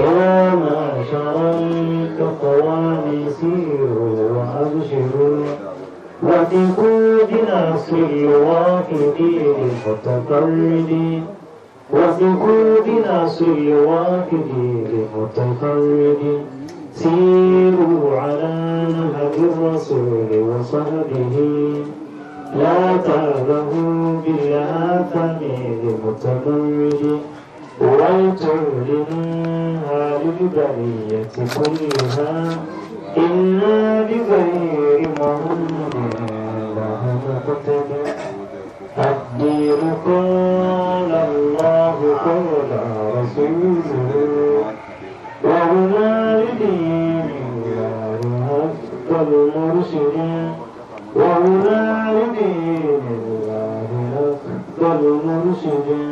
يا معشر التقوى سيروا وأبشروا وثقوا بنصر الوافدين المتقلدين وثقوا بنصر الوافدين المتقلدين سيروا على نهج الرسول وصحبه لا تعبهوا بالآثم المتمرد ويتعلمون بالبنية كلها إلا بغير محمد لها مقتدى الدين قال الله قال رسوله وهما لدين الله أفضل مرشدا وهما لدين الله أفضل مرشدا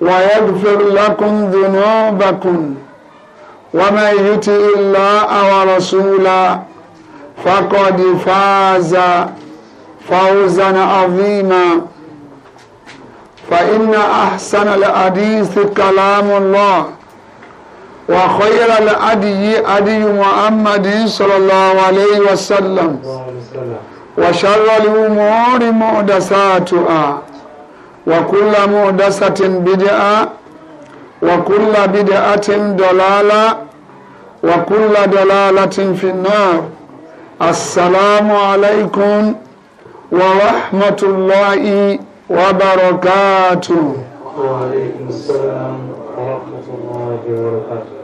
ويغفر لكم ذنوبكم ومن يطع الله ورسوله فقد فاز فوزا عظيما فإن أحسن الحديث كلام الله وخير الأدي أدي محمد صلى الله عليه وسلم وشر الأمور محدثاتها وكل محدثة بدعة وكل بدعة ضلالة وكل ضلالة في النار السلام عليكم ورحمة الله وبركاته وعليكم السلام ورحمة الله وبركاته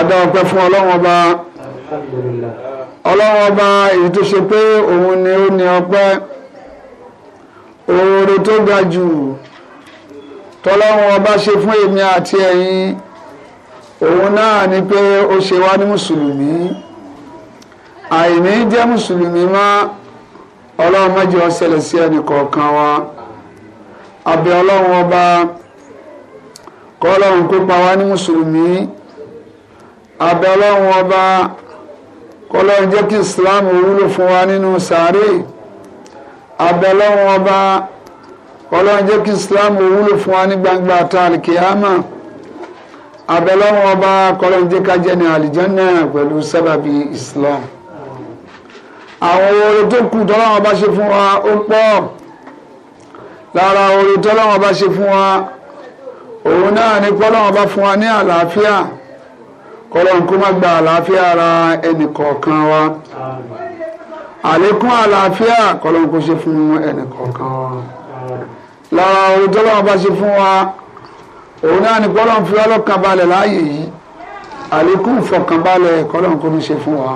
Adá ọpẹ́ fún Ọlọ́run ọba Alhamdulillah Ọlọ́run ọba èyí tó ṣe oore tó ga jù tọ́lọ́run ọba ṣe fún èmi àti ẹ̀yin òun náà ni pé ó ṣe wá ní mùsùlùmí àìní jẹ́ mùsùlùmí má ọlọ́run má jẹ́ sí ẹnì kọ̀ọ̀kan wa àbẹ̀ ọlọ́run ọba kọ́lọ́run kó pa wá ní mùsùlùmí àbẹ̀ ọlọ́run ọba kọ́lọ́run jẹ́ kí Islam wúlò fún wa nínú sàárè. No abẹ́lọ́wọ́n ọba ọlọ́run jẹ́ kí islam wúlò fún wa ní gbangba tàlìkìyàmà abẹ́lọ́wọ́n ọba kọlọ́run jẹ́ ká jẹ́ ní àlìjánná pẹ̀lú sábàbí islam àwọn oore tó kù tọ́lọ́wọ́n bá ṣe fún wa ó pọ̀ lára oore tọ́lọ́wọ́n bá ṣe fún wa òun náà ni kọ́lọ́wọ́n bá fún wa ní àlàáfíà kọ́lọ́run kó má gba àlàáfíà ara ẹnì kọ̀ọ̀kan wa àlékún àlàáfíà kọlọ́n kó ṣe fún ẹnì kọ̀ọ̀kan lára orí tọ́lọ́wọ́ bá ṣe fún wa òun náà ní kọlọ́n fi ọlọ́kan balẹ̀ láàyè yìí àlékún ìfọ̀kànbalẹ̀ kọlọ́n kó ṣe fún wa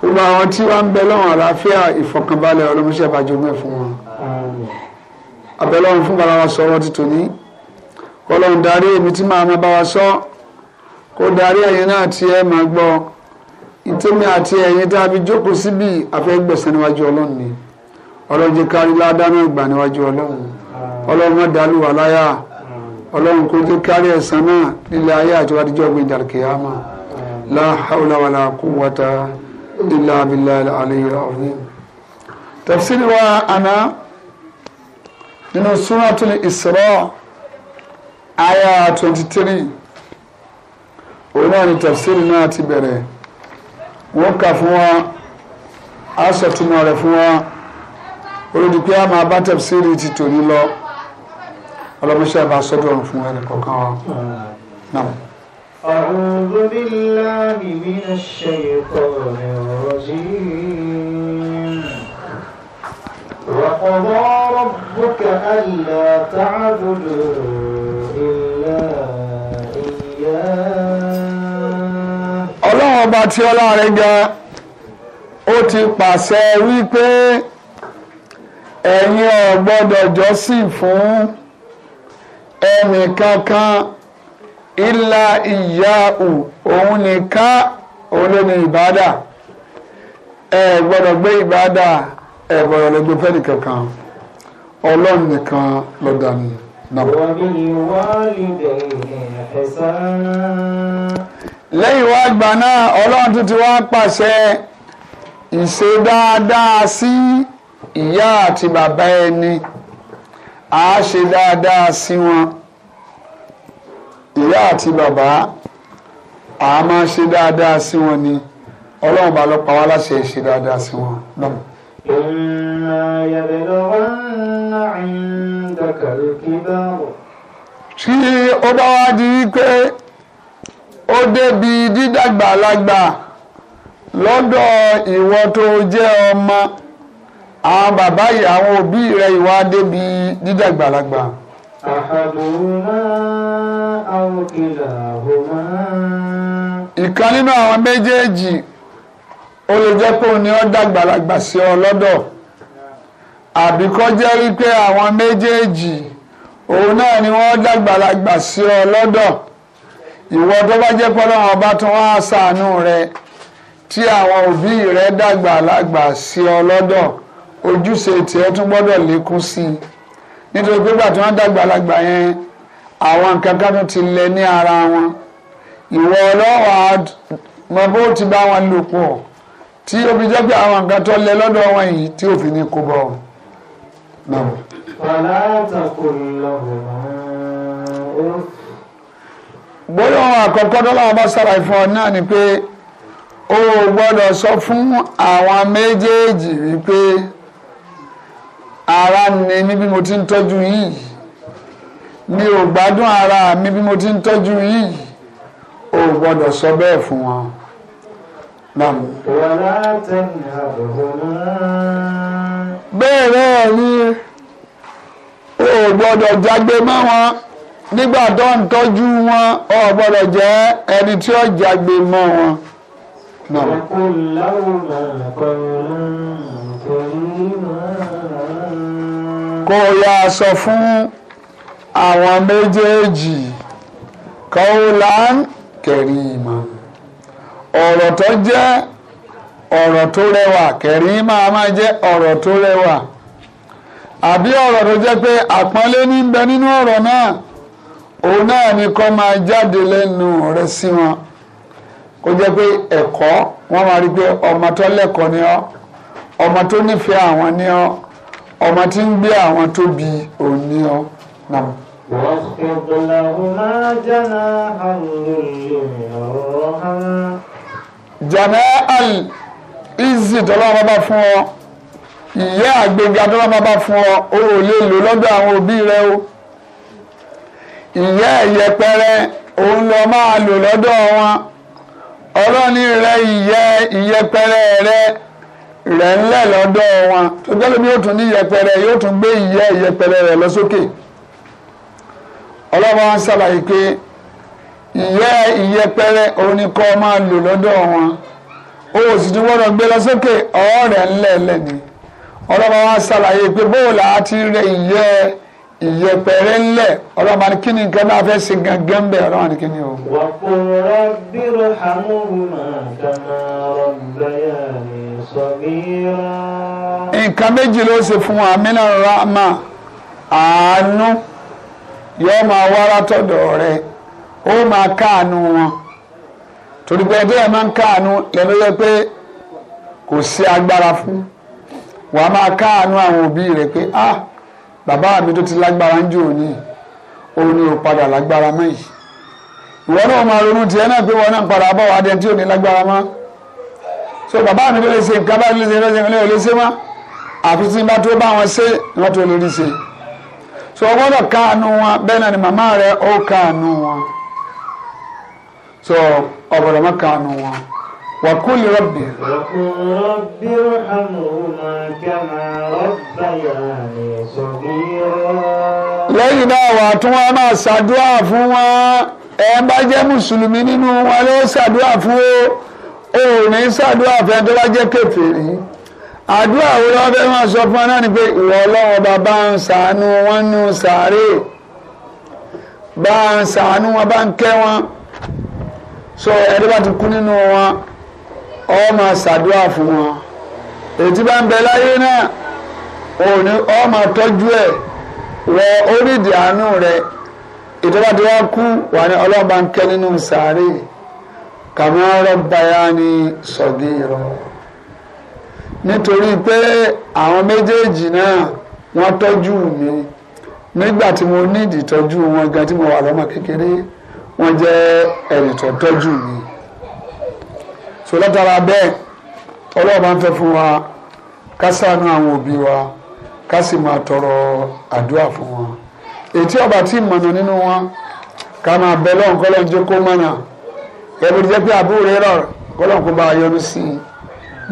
gbogbo àwọn tí wọ́n ń bẹ lọ́wọ́ àlàáfíà ìfọ̀kànbalẹ̀ ọlọ́mọṣẹ́ bá jogún ẹ̀ fún wa abẹ́lọ́run fún bàbá wa sọ̀rọ̀ ti tòní kọlọ́n darí èmi tí màá máa bá wa sọ kó darí ẹ̀yin náà tí máa gbọ́ ọ ìtẹ́mi àti ẹ̀yin tá a fi jókòó síbi àfẹ́gbẹ̀sán níwájú ọlọ́run ni ọlọ́run jẹ́ kárí ládánù ìgbà níwájú ọlọ́run ọlọ́run má dàlú wa láyà ọlọ́run kò jẹ́ kárí ẹ̀san náà nílé ayé àti wájú ọgbìn ìdàlùkìyàmà la hawla wala quwwata illa billahi aliyu rahim. tafsiri wa ana nínú suratul Isra aya twenty three òun náà ni tafsiri náà ti bẹ̀rẹ̀ wọ́n kà fún wọn á sọ̀túnmọ̀ rẹ̀ fún wọn olùdíkú yà máa bá tẹ̀síìrì ti tòní lọ ọlọ́mọṣẹ́ bá sọ́dọ̀ ọ̀run fún ẹnì kọ̀ọ̀kan wa. أعوذ بالله من الشيطان الرجيم وقضى ربك ألا تعبدوا إلا إياه ọlọ́run ọba tí ọlọ́run rẹ̀ ó ti pàṣẹ wípé ẹ̀yin ò gbọ́dọ̀ jọ́sìn fún ẹnì kankan ìlà ìyáhù òun nìkan òun ló ní ìbádà ẹ gbọ́dọ̀ gbé ìbádà ẹ gbọ́dọ̀ lè gbé fẹ́nì kankan ọlọ́run nìkan ló dání. wọ́n bí wọ́n rí bẹ̀rẹ̀ ẹ̀sán lẹ́yìn wá gbà náà ọlọ́run tún ti wá pàṣẹ ìṣe dáadáa sí ìyá àti bàbá ẹni à á ṣe dáadáa sí wọn ìyá àti bàbá á máa ṣe dáadáa sí wọn ni ọlọ́run bá lọ wá láṣẹ ṣe dáadáa sí wọn náà. إما يبلغن عندك الكبر. tí ó bá wá di pé ó débi dídàgbà lágbà lọ́dọ̀ ìwọ tó jẹ́ ọmọ àwọn bàbá yìí àwọn òbí rẹ ìwà débi dídàgbà lágbà. àhàbùnmá àwọn kìlà àhùnmá. ìkan nínú àwọn méjèèjì ó lè jẹ́ pé òun ni ó dàgbà lágbà sí ọ lọ́dọ̀ àbí kó jẹ́ wípé àwọn méjèèjì òun náà ni wọ́n dàgbà lágbà sí ọ lọ́dọ̀ ìwọ tó bá jẹ́ pọ́lọ́ àwọn ọba tó wọ́n á ṣàánú rẹ tí àwọn òbí rẹ dàgbà lágbà sí ọ lọ́dọ̀ ojúṣe tiẹ̀ tún gbọ́dọ̀ lékún sí i nítorí pé gbà tí wọ́n dàgbà lágbà yẹn àwọn nǹkan ti lẹ ní ara wọn ìwọ ọlọ́wàá mọ ti bá wọn lò pọ̀ tí o jẹ́ pé àwọn nǹkan tó lẹ lọ́dọ̀ wọn yìí tí òfin ni kò bọ̀ náà. wàhálà àtàkùn lọ́wọ́ ó gbólóhùn àkọ́kọ́ tó lọ́wọ́ bá sára ìfún ọ náà ni pé o gbọ́dọ̀ sọ fún àwọn méjèèjì wípé ara ni mí bí mo ti ń tọ́jú yìí mi ò gbádùn ara mi bí mo ti ń tọ́jú yìí o gbọ́dọ̀ sọ bẹ́ẹ̀ fún wọn. bẹ́ẹ̀ náà ni o gbọ́dọ̀ jágbe mọ́ wọn. nígbà tó ń tọ́jú wọn ọ gbọ́dọ̀ jẹ́ ẹni tí ó jagbe mọ́ wọn. kó o yà sọ fún àwọn méjèèjì kó la ń kẹ̀rí ìmọ̀ ọ̀rọ̀ tó jẹ́ ọ̀rọ̀ tó rẹwà kẹ̀rí máa máa jẹ́ ọ̀rọ̀ tó rẹwà àbí ọ̀rọ̀ tó jẹ́ pé àpọ́nlé ní bẹ nínú ọ̀rọ̀ náà. òun náà ni kọ́ máa jáde lẹ́nu rẹ sí wọn kó jẹ́ pé ẹ̀kọ́ wọ́n máa rí pé ọmọ tó lẹ́kọ̀ọ́ ni ọ́ ọmọ tó nífẹ̀ẹ́ àwọn ni ọ́ ọmọ tí ń gbé àwọn tóbi òun ni ọ́ fún ọ ìyá àgbéga tọ́lọ́mọ fún o ò lè lò lọ́dọ̀ àwọn rẹ o. ìyá ìyẹpẹrẹ òun lọ máa lò lọ́dọ̀ wọn ọlọ́ni rẹ ìyẹ ìyẹpẹrẹ rẹ rẹ ńlẹ̀ lọ́dọ̀ wọn tó gbẹ́lẹ́ bí yóò tún ní ìyẹpẹrẹ yóò tún gbé ìyẹ ìyẹpẹrẹ rẹ lọ sókè ọlọ́wọ́ wọn ṣàlàyé pé ìyẹ ìyẹpẹrẹ òun ni kọ́ máa lò lọ́dọ̀ wọn o ò sì tún gbọ́dọ̀ gbé lọ sókè ọ̀rẹ́ ńlẹ̀ lẹ́ni ọlọ́wọ́ wọn ṣàlàyé pé bóòlà á rẹ ìyẹ ìyẹpẹrẹ ìyẹpẹrẹ ńlẹ̀ ọlọ́run bá ní kí ni nǹkan náà fẹ́ ṣe gangan bẹ́ẹ̀ ọlọ́run ní kí ni o. wà á kún rọ́bì rọ̀hámùmá kàmá rọ̀bẹ̀yà ní sọ̀gírà. nǹkan méjì ló ṣe fún wa mí náà rahma àánú yóò máa wá látọ̀dọ̀ rẹ ó máa káàánú wọn torí pé ẹgbẹ́ ẹ̀ máa ń káàánú lẹ́nu yẹ pé kò sí agbára fún wàá máa káàánú àwọn òbí rẹ pé ah bàbá mi tó ti lágbára ń jò ní òun ni ò padà lágbára mọ́ yìí ìwọ náà máa ronú tiẹ̀ náà pé wọn náà padà bọ̀ wá dẹni tí ò ní lágbára mọ́ so bàbá mi tó lè ṣe nǹkan bá lè ṣe lọ́sẹ̀ mi lè ṣe mọ́ àfi tí n bá tó bá wọn ṣe ni wọ́n tó lè rí ṣe so o gbọ́dọ̀ káànú wọn bẹ́ẹ̀ náà ni màmá rẹ ó káànú wọn so o gbọ́dọ̀ káànú wọn. وقل رب وقل رب ارحمهما كما ربياني صغيرا lẹ́yìn náà wà tún wá máa ṣàdúrà fún wọn ẹ bá jẹ́ mùsùlùmí nínú wọn ló ṣàdúrà fún o ò ní ṣàdúrà fẹ́ tó bá jẹ́ kèfèrí àdúrà wo lọ́wọ́ fẹ́ máa sọ fún ọ náà ni pé ìwọ ọlọ́wọ́ bá ń ṣàánú wọn nù sàárè bá ń ṣàánú wọn bá ń kẹ́ wọn so ẹni bá ti kú nínú wọn ọ máa ṣàdúrà fún wọn ètí bá ń bẹ láyé náà òní ọ máa tọ́jú ẹ̀ wọ orídìí àánú rẹ ìjọba tí wọ́n kú wà ní ọlọ́ba ń kẹ́ nínú sàárè kàmọ́rọ́ báyà ní sọ̀gí rọ nítorí pé àwọn méjèèjì náà wọ́n tọ́jú mi nígbà tí mo nídìí tọ́jú wọn gan tí mo wà lọ́mọ kékeré wọ́n jẹ́ ẹ̀rì tọ́jú mi so látara bẹ́ẹ̀ ọlọ́run máa ń fẹ́ fún wa ká ṣàánú àwọn òbí wa ká sì máa tọrọ àdúrà fún wọn ètí ọba tí mọ̀nà nínú wọn ká máa bẹ lọ́run kọ́lọ́ ń jẹ́ kó mọ̀nà ẹ̀bùn jẹ́ pé àbúrò rẹ̀ rọ̀ kọ́lọ́ kó bá a yọnu sí i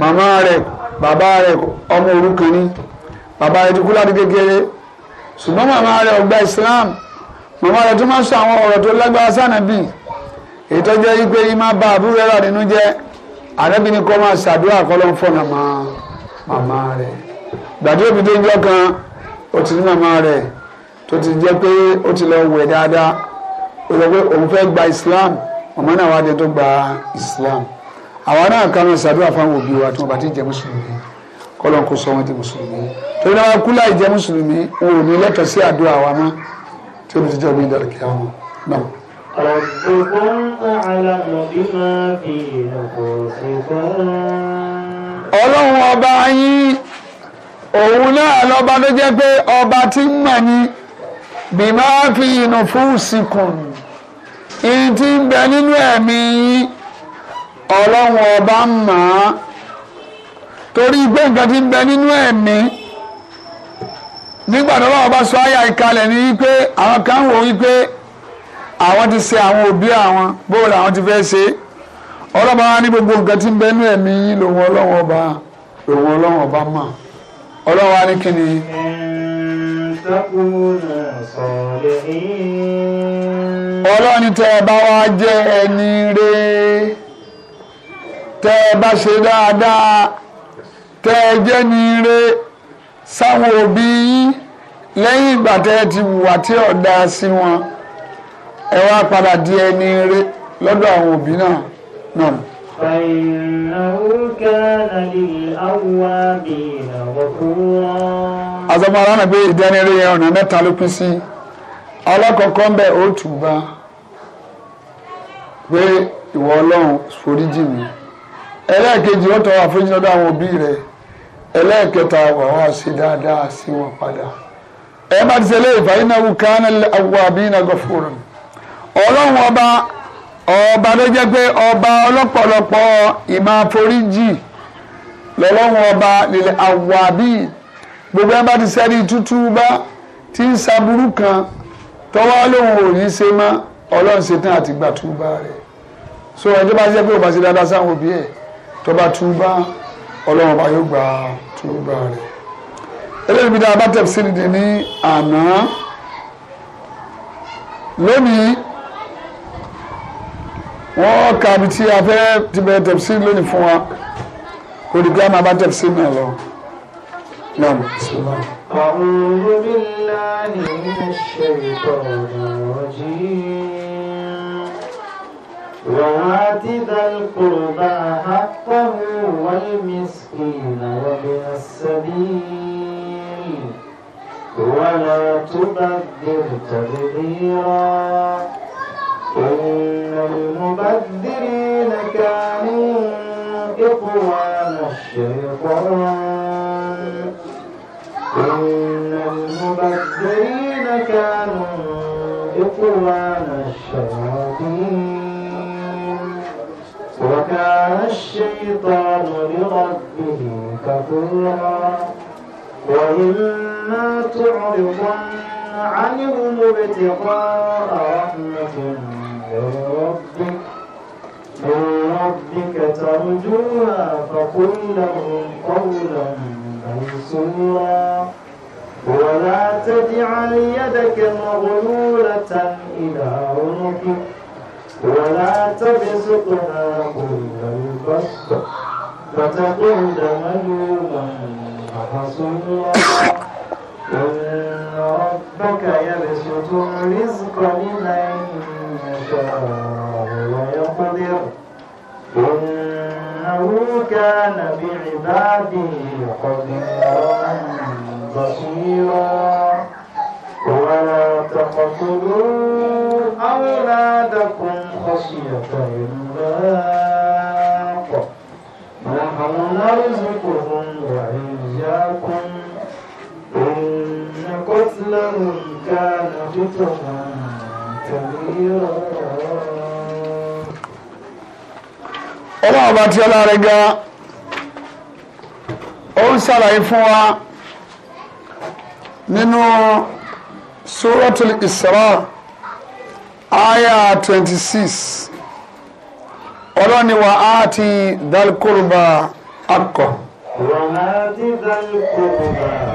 màmá rẹ̀ bàbá rẹ̀ ọmọ òrukàn ni bàbá rẹ̀ ti láti kékeré ṣùgbọ́n màmá rẹ̀ ọgbà Islam màmá rẹ̀ tó máa ń sọ àwọn ọ̀rọ̀ tó lágbára sànàbì ètò jẹ́ wípé yìí máa bà àbúrò rẹ̀ rà nínú jẹ́ àrẹ́bí ni kọ́ máa ṣàdúrà kọ́lọ́ ń fọ̀nà máa màmá rẹ̀ gbàdí òbí tó ń jọ́ kan ó ti ní màmá rẹ̀ tó ti jẹ́ pé ó ti lọ wẹ̀ dáadáa ó sọ pé òun fẹ́ gba Islam màmá náà wá dé tó gba Islam àwọn náà kan máa ṣàdúrà fáwọn òbí wa tí wọ́n bá ti jẹ́ mùsùlùmí kọ́lọ́ kó sọ wọn di mùsùlùmí torí náà kú láì jẹ́ mùsùlùmí wọn ò ní lẹ́tọ̀ọ́ sí àdúrà wa mọ́ tí ó ti jẹ́ òbí ìdàrúkẹ́ àwọn náà. ربكم أعلم بما في نفوسكم ọlọ́run ọba yín òun náà lọba tó pé ọba ti ń mọ̀ ní bí máa fi ìnù fún ìsìnkùn yìí ti ń bẹ nínú ẹ̀mí yín ọlọ́run ọba ń torí pé nǹkan ti ń bẹ nínú ẹ̀mí nígbà tó lọ́wọ́ bá sọ àwọn kan wò wípé àwọn ti ṣe àwọn òbí àwọn bóun làwọn ti fẹ́ ṣe ọlọ́ba wa ní gbogbo nǹkan tí ń bẹ́nu ẹ̀mí yín lòun ọlọ́run ọba lòun ọlọ́run ọba mọ̀ ọlọ́run wa ní kíni. ọlọ́run tẹ́ ẹ bá wá jẹ́ ẹni re tẹ́ ẹ bá ṣe dáadáa tẹ́ ẹ jẹ́ ni re sáwọn òbí yín lẹ́yìn ìgbà tẹ́ ẹ ti wùwà tí ọ̀dà sí wọn ẹ wá padà di ẹni rẹ lọ́dọ̀ àwọn òbí náà náà. فإنه كان للأوابين غفورا azọmọ alána yẹn ọ̀nà mẹ́ta ló pín sí alákọ̀ọ́kọ́ ń bẹ òtúbà pé ìwọ ọlọ́run foríjì mi ẹlẹ́ẹ̀kejì ó tọrọ àforíjì lọ́dọ̀ àwọn òbí rẹ̀ ẹlẹ́ẹ̀kẹta wà wá sí dáadáa sí wọn padà ẹ bá ti ṣe lé ìfàyínà wù kánà àwọn àbí ìnàgọ́fóró mi ọlọ́run ọba ọba ló jẹ́ pé ọba ọlọ́pọ̀lọpọ̀ ìmọ̀ àforíjì lọ́lọ́run ọba nílẹ̀ àwàbí gbogbo ẹ̀ bá ti sẹ́rí tútú bá ti ń saburú kan tọ́wọ́ lòun ò ní ṣe mọ́ ọlọ́run ṣetán àti gbà rẹ̀ so ẹjọ́ bá jẹ́ pé òbá ṣe dáadáa sáwọn òbí ẹ̀ tọ́ba túbá ọlọ́run ọba yóò gbà túbá rẹ̀ eléyìí bí dáa bá tẹ̀ sí ní àná lónìí wọ́n ka ibi tí a fẹ́ ti bẹ̀rẹ̀ tẹ̀sí lónìí fún wa olùgbé àmà bá tẹ̀sí náà lọ. أعوذ بالله من الشيطان الرجيم وآت ذا القربى حقه والمسكين وابن السبيل ولا تبذر تبذيرا إن المبذرين كانوا إخوان الشيطان إن المبذرين كانوا إخوان الشياطين وكان الشيطان لربه كفورا وإما تعرضن عنهم ابتغاء رحمة من ربك من ربك ترجوها فقل لهم قولا منصورا ولا تجعل يدك مغلولة إلى عنقك ولا تبسطها كل البسط فتقعد ملوما محصورا إن ربك يبسط الرزق لمن يشاء ويقدر إنه كان بعباده خبيرا بصيرا ولا تقتلوا أولادكم خشية إملاق نحن نرزقهم وإياكم إنه كان فطرا كبيرا ọlọ́run ọba tí ọlá rẹ̀ ga ó ń ṣàlàyé fún wa nínú suratul Isra aya twenty six ọlọ́run ni wà á ti dal qurba akọ. wà á ti dal qurba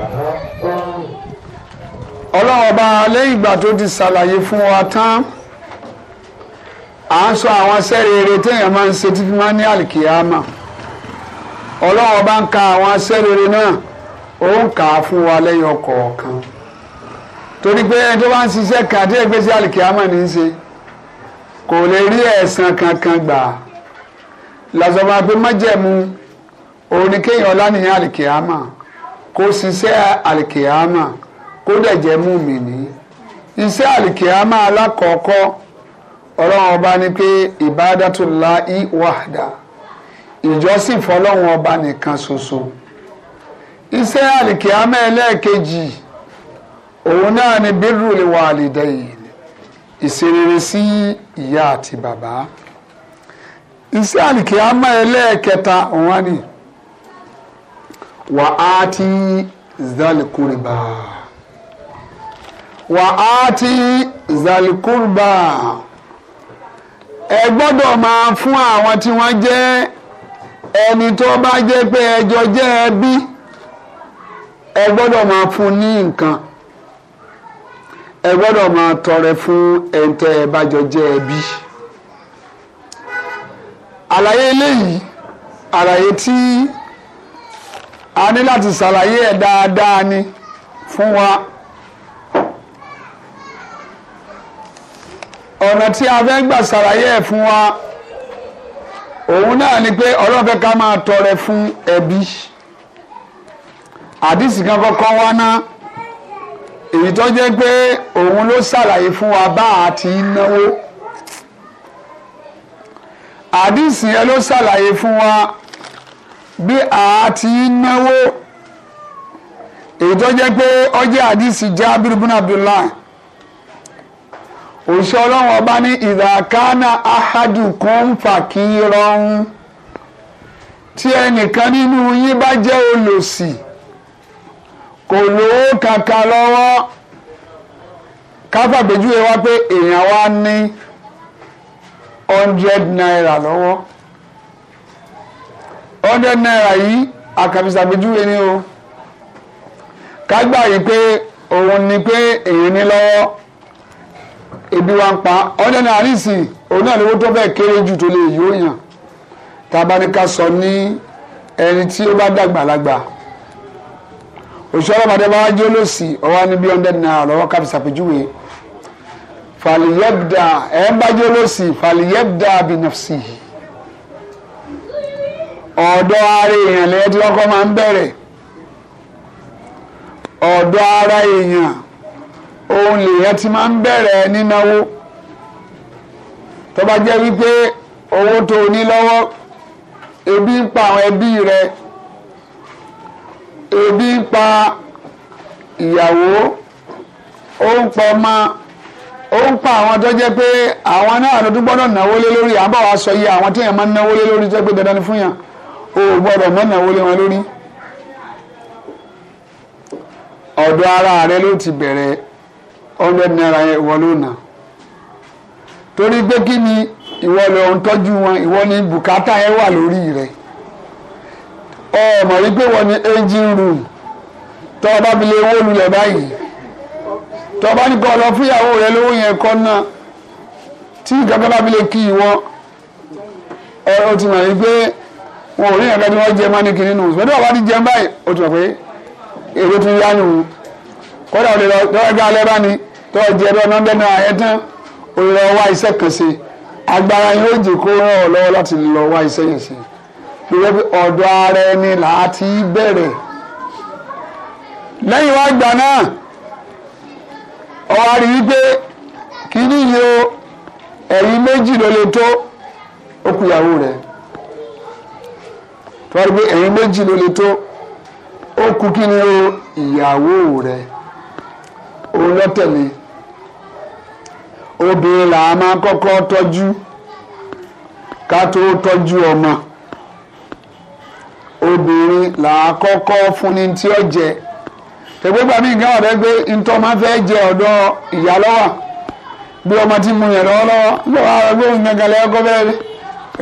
ọlọ́run ọba lẹ́yìn ìgbà tó ti ṣàlàyé fún wa tán à ń sọ àwọn sẹ́rẹ̀ẹ́rẹ́ téèyàn máa ń ṣe títí máa ń ní àlìkìyàmà ọlọ́run ọba ń ka àwọn sẹ́rẹ̀ẹ́rẹ́ náà ó ń kà á fún wa lẹ́yìn ọkọ̀ọ̀kan torí pé ẹni tó bá ń ṣiṣẹ́ kan àti ẹgbẹ́ sí àlìkìyàmà ní í ṣe kò lè rí ẹ̀san kankan gbà làzọba pé májẹ̀mú òun ni kéèyàn ọlá nìyẹn àlìkìyàmà kó ṣiṣẹ́ àlìkìyàmà kó dẹ̀ jẹ́ mùmìnì iṣẹ́ àlìkìyámà alákọ̀ọ́kọ́ ọlọ́run ọba ni pé ìbádàtúláì wàdà ìjọsìn fọlọ́run ọba nìkan ṣoṣo iṣẹ́ àlìkìyámà ẹlẹ́ẹ̀kejì òun náà ni bírúlì wàlìdẹ́yìn ìṣerere sí ìyá àti bàbá iṣẹ́ àlìkìyámà ẹlẹ́ẹ̀kẹta òun á nì wà á ti zalikuriba wà á ti zalikurba ẹ gbọ́dọ̀ máa fún àwọn tí wọ́n jẹ́ ẹni tó bá jẹ́ pé ẹjọ́ jẹ́ ẹbí ẹ gbọ́dọ̀ máa fún ní nǹkan ẹ gbọ́dọ̀ máa tọrẹ fún ẹni tẹ́ ẹ ẹbí àlàyé eléyìí àlàyé tí a ní láti ṣàlàyé ẹ̀ dáadáa ni fún wa. ọ̀nà tí a fẹ́ gbà ṣàlàyé ẹ̀ fún wa òun náà ni pé ọlọ́run fẹ́ ká máa tọrẹ fún ẹbí àdìsí kan kọ́kọ́ wá ná èyí tó jẹ́ pé òun ló ṣàlàyé fún wa bá a ti náwó àdìsí yẹn ló ṣàlàyé fún wa bí a ti náwó èyí tó jẹ́ pé ó jẹ́ àdìsí Jábírù bùnà Abdullahi. òṣìṣẹ́ ọlọ́run ọba ní ìdàkánà ahadu kọ́ńfàkìrọ̀n tí ẹnìkan nínú yín bá jẹ́ olòṣì kò lówó kankan lọ́wọ́ káfàgbéjúwe wá pé èèyàn wá ní hundred naira lọ́wọ́ hundred naira yìí àkàfìsàgbéjúwe ni o ká gbà yìí pé òun ni pé èèyàn ní lọ́wọ́ ebi wa ń pa ọ̀dẹ̀ náà nísìnyí òun náà lówó tó bẹ́ẹ̀ kéré jù tó lè yóò yàn tába ní ká sọ ní ẹni tí ó bá dàgbà lágbà òṣìṣẹ́ ọlọ́mọdé bá wájú olóòsì ọwọ́ ní bí hundred naira lọ́wọ́ káfí ṣàpèjúwe fàlìyẹ́bdà ẹ̀ ń bájú olóòsì fàlìyẹ́bdà bìnàfsì ọ̀dọ̀ ara èèyàn lẹ́yìn tí wọ́n kọ́ máa ń bẹ̀rẹ̀ ọ̀dọ̀ ara èèyàn òun lèèyàn ti máa ń bẹ̀rẹ̀ nínáwó tó bá jẹ́ wípé owó tó o ní lọ́wọ́ ebi ń pa àwọn ẹbí rẹ ebi ń pa ìyàwó ó ń pọ ọmọ ó ń pa àwọn tó jẹ́ pé àwọn náà ló tún gbọ́dọ̀ náwó lé lórí àbọ̀ wa sọ iye àwọn téèyàn máa ń náwó lé lórí tó pé dandan ni fún yàn o gbọ́dọ̀ má náwó lé wọn lórí ọ̀dọ̀ ara rẹ ló ti bẹ̀rẹ̀ hundred naira yẹn ìwọ ló nà torí pé kí ni ìwọ lọ ń tọ́jú wọn ìwọ ni bùkátà yẹn wà lórí rẹ ọmọ rí pé wọ́n ní engine room tọ́ ọba fi lè wó lulẹ̀ báyìí tọ́ ọba ní kọ́ lọ fúyàwó rẹ lówó yẹn kọ́ náà tí ìjọba bá fi lè kí ìwọ ọ ti mọ̀ wípé wọn ò ní ìrànlọ́dún wọn jẹ mánìkì nínú ṣùgbọ́n ọba ti jẹun báyìí ó ti mọ̀ pé èrò ti yá nù kọ́dà ò lè lọ lọ́wọ́ gbá alẹ́ bá ni tó jẹ́ ẹ̀rọ náà bẹ́ẹ̀ náà ayẹ tán ó lọ wá iṣẹ́ kan ṣe agbára yóò jẹ́ kó ràn ọ́ lọ́wọ́ láti lọ wá iṣẹ́ yẹn ṣe lórí pé ọ̀dọ̀ ara ẹni là á ti wá gbà náà ọ̀wá rí wípé kí ni yìí o ẹ̀yìn méjì ló lè tó okùyàwó rẹ̀ tọ́wọ́n pé ẹ̀yìn méjì ló lè tó ó kú kí ni o ìyàwó rẹ̀ òun lọ́tẹ̀lé obìnrin là á máa kọ́kọ́ tọ́jú ká tó tọ́jú ọmọ obìnrin là á kọ́kọ́ fún ni tí ó jẹ tẹ̀gbẹ́ gba mí nǹkan ọ̀rẹ́ gbé ntọ́ máa fẹ́ jẹ ọ̀dọ̀ ìyá lọ́wọ́ bí ọmọ ti mu yẹn lọ́wọ́lọ́wọ́ lọ́wọ́ ara gbóhùn gangan lẹ́yìn ọkọ bẹ́ẹ̀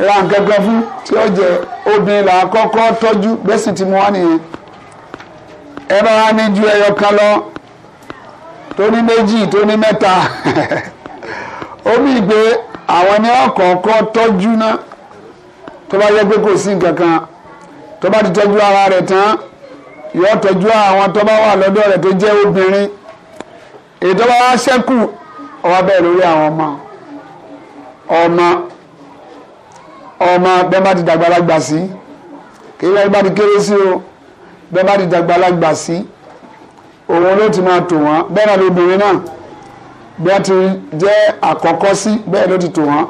ra nǹkan kan fún tí ó jẹ obìnrin là á kọ́kọ́ tọ́jú bẹ́ẹ̀ sì ti wá nìyẹn ẹ bá wá ní ju ẹyọ kan lọ tó ní méjì tó ní mẹ́ta ó bí i pé àwọn ni wọ́n kọ́kọ́ tọ́jú náà tó bá yẹ pé kò sí nǹkan kan tó bá ti tọ́jú ara rẹ̀ tán yóò tọ́jú àwọn tó bá wà lọ́dọ̀ rẹ̀ tó jẹ́ obìnrin èyí tó bá wá ṣẹ́kù ọwọ́ bẹ́ẹ̀ lórí àwọn ọmọ ọmọ ọmọ bẹ́ẹ̀ bá ti dàgbàlagbà sí kí lẹ́yìn bá ti kéré sí o bẹ́ẹ̀ bá ti dàgbàlagbà sí òun ló ti máa tò wọ́n bẹ́ẹ̀ náà lóbìnrin náà. bí wọ́n ti jẹ́ àkọ́kọ́ sí bẹ́ẹ̀ ló ti tò wọ́n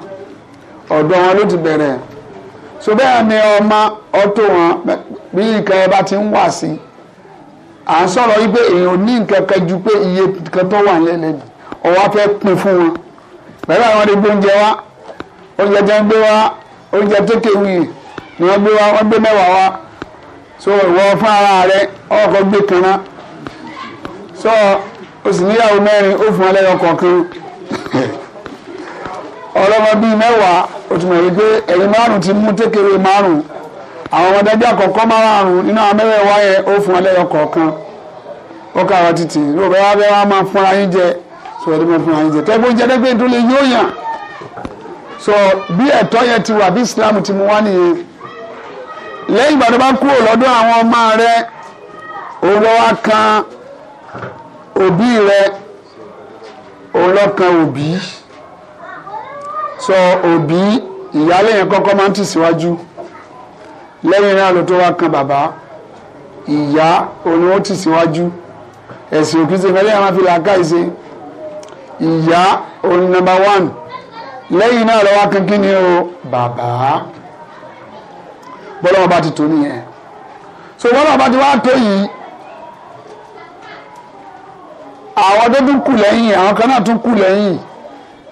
ọ̀dọ̀ wọn ló ti bẹ̀rẹ̀ so bẹ́ẹ̀ ni ọmọ ọ̀tọ̀ wọn bí nǹkan ẹ bá ti ń wà sí à ń sọ̀rọ̀ yìí pé èèyàn ní nǹkan kan ju pé iye kan tó wà lẹ́lẹ̀ ọwọ́ fẹ́ pin fún wọn pẹ̀lú àwọn ọdẹ wa oúnjẹ gbé wa oúnjẹ tó kéwì ni wọ́n gbé wa wọ́n gbé mẹ́wàá wa ara rẹ ọkọ̀ gbé so. ó sì níyàwó mẹ́rin ó fún ẹlẹ́yọ kọ̀ọ̀kan ọlọ́mọ bíi mẹ́wàá ó tún mọ̀ wípé ẹ̀yin márùn ti mú tékeré márùn àwọn ọmọdé bí àkọ́kọ́ márùn nínú àwọn mẹ́wẹ̀ẹ́wá yẹn ó fún ẹlẹ́yọ kọ̀ọ̀kan ó kà wá títì lóòbá wá bẹ́ẹ̀ wá máa fúnra yín jẹ sọ ẹni máa fúnra yín jẹ tẹ́gbọ́n jẹ́ dẹ́gbẹ́ tó lè yóò sọ bí ẹ̀tọ́ yẹn ti wà bí Islam ti mú wá nìyẹn lẹ́yìn ìgbà tó bá kúrò lọ́dọ̀ àwọn ọmọ rẹ̀ owó wa kan òbí rẹ òun lọ́kàn òbí sọ òbí ìyáálé yẹn kọ́kọ́ máa ń tẹ̀síwájú lẹ́yìn náà ló tó wá kan bàbá ìyá òun ó tẹ̀síwájú ẹ̀sìn òkú ṣe fẹ́lẹ́ àwọn afilà káìsẹ́ ìyá òun nọ́mbà wán lẹ́yìn náà ló wá ni o bàbá bọ́lá wọn ti tó nìyẹn so bọ́lá wọn bá ti wá tó yìí àwọn tó tún kù lẹ́yìn àwọn kan náà tún kù lẹ́yìn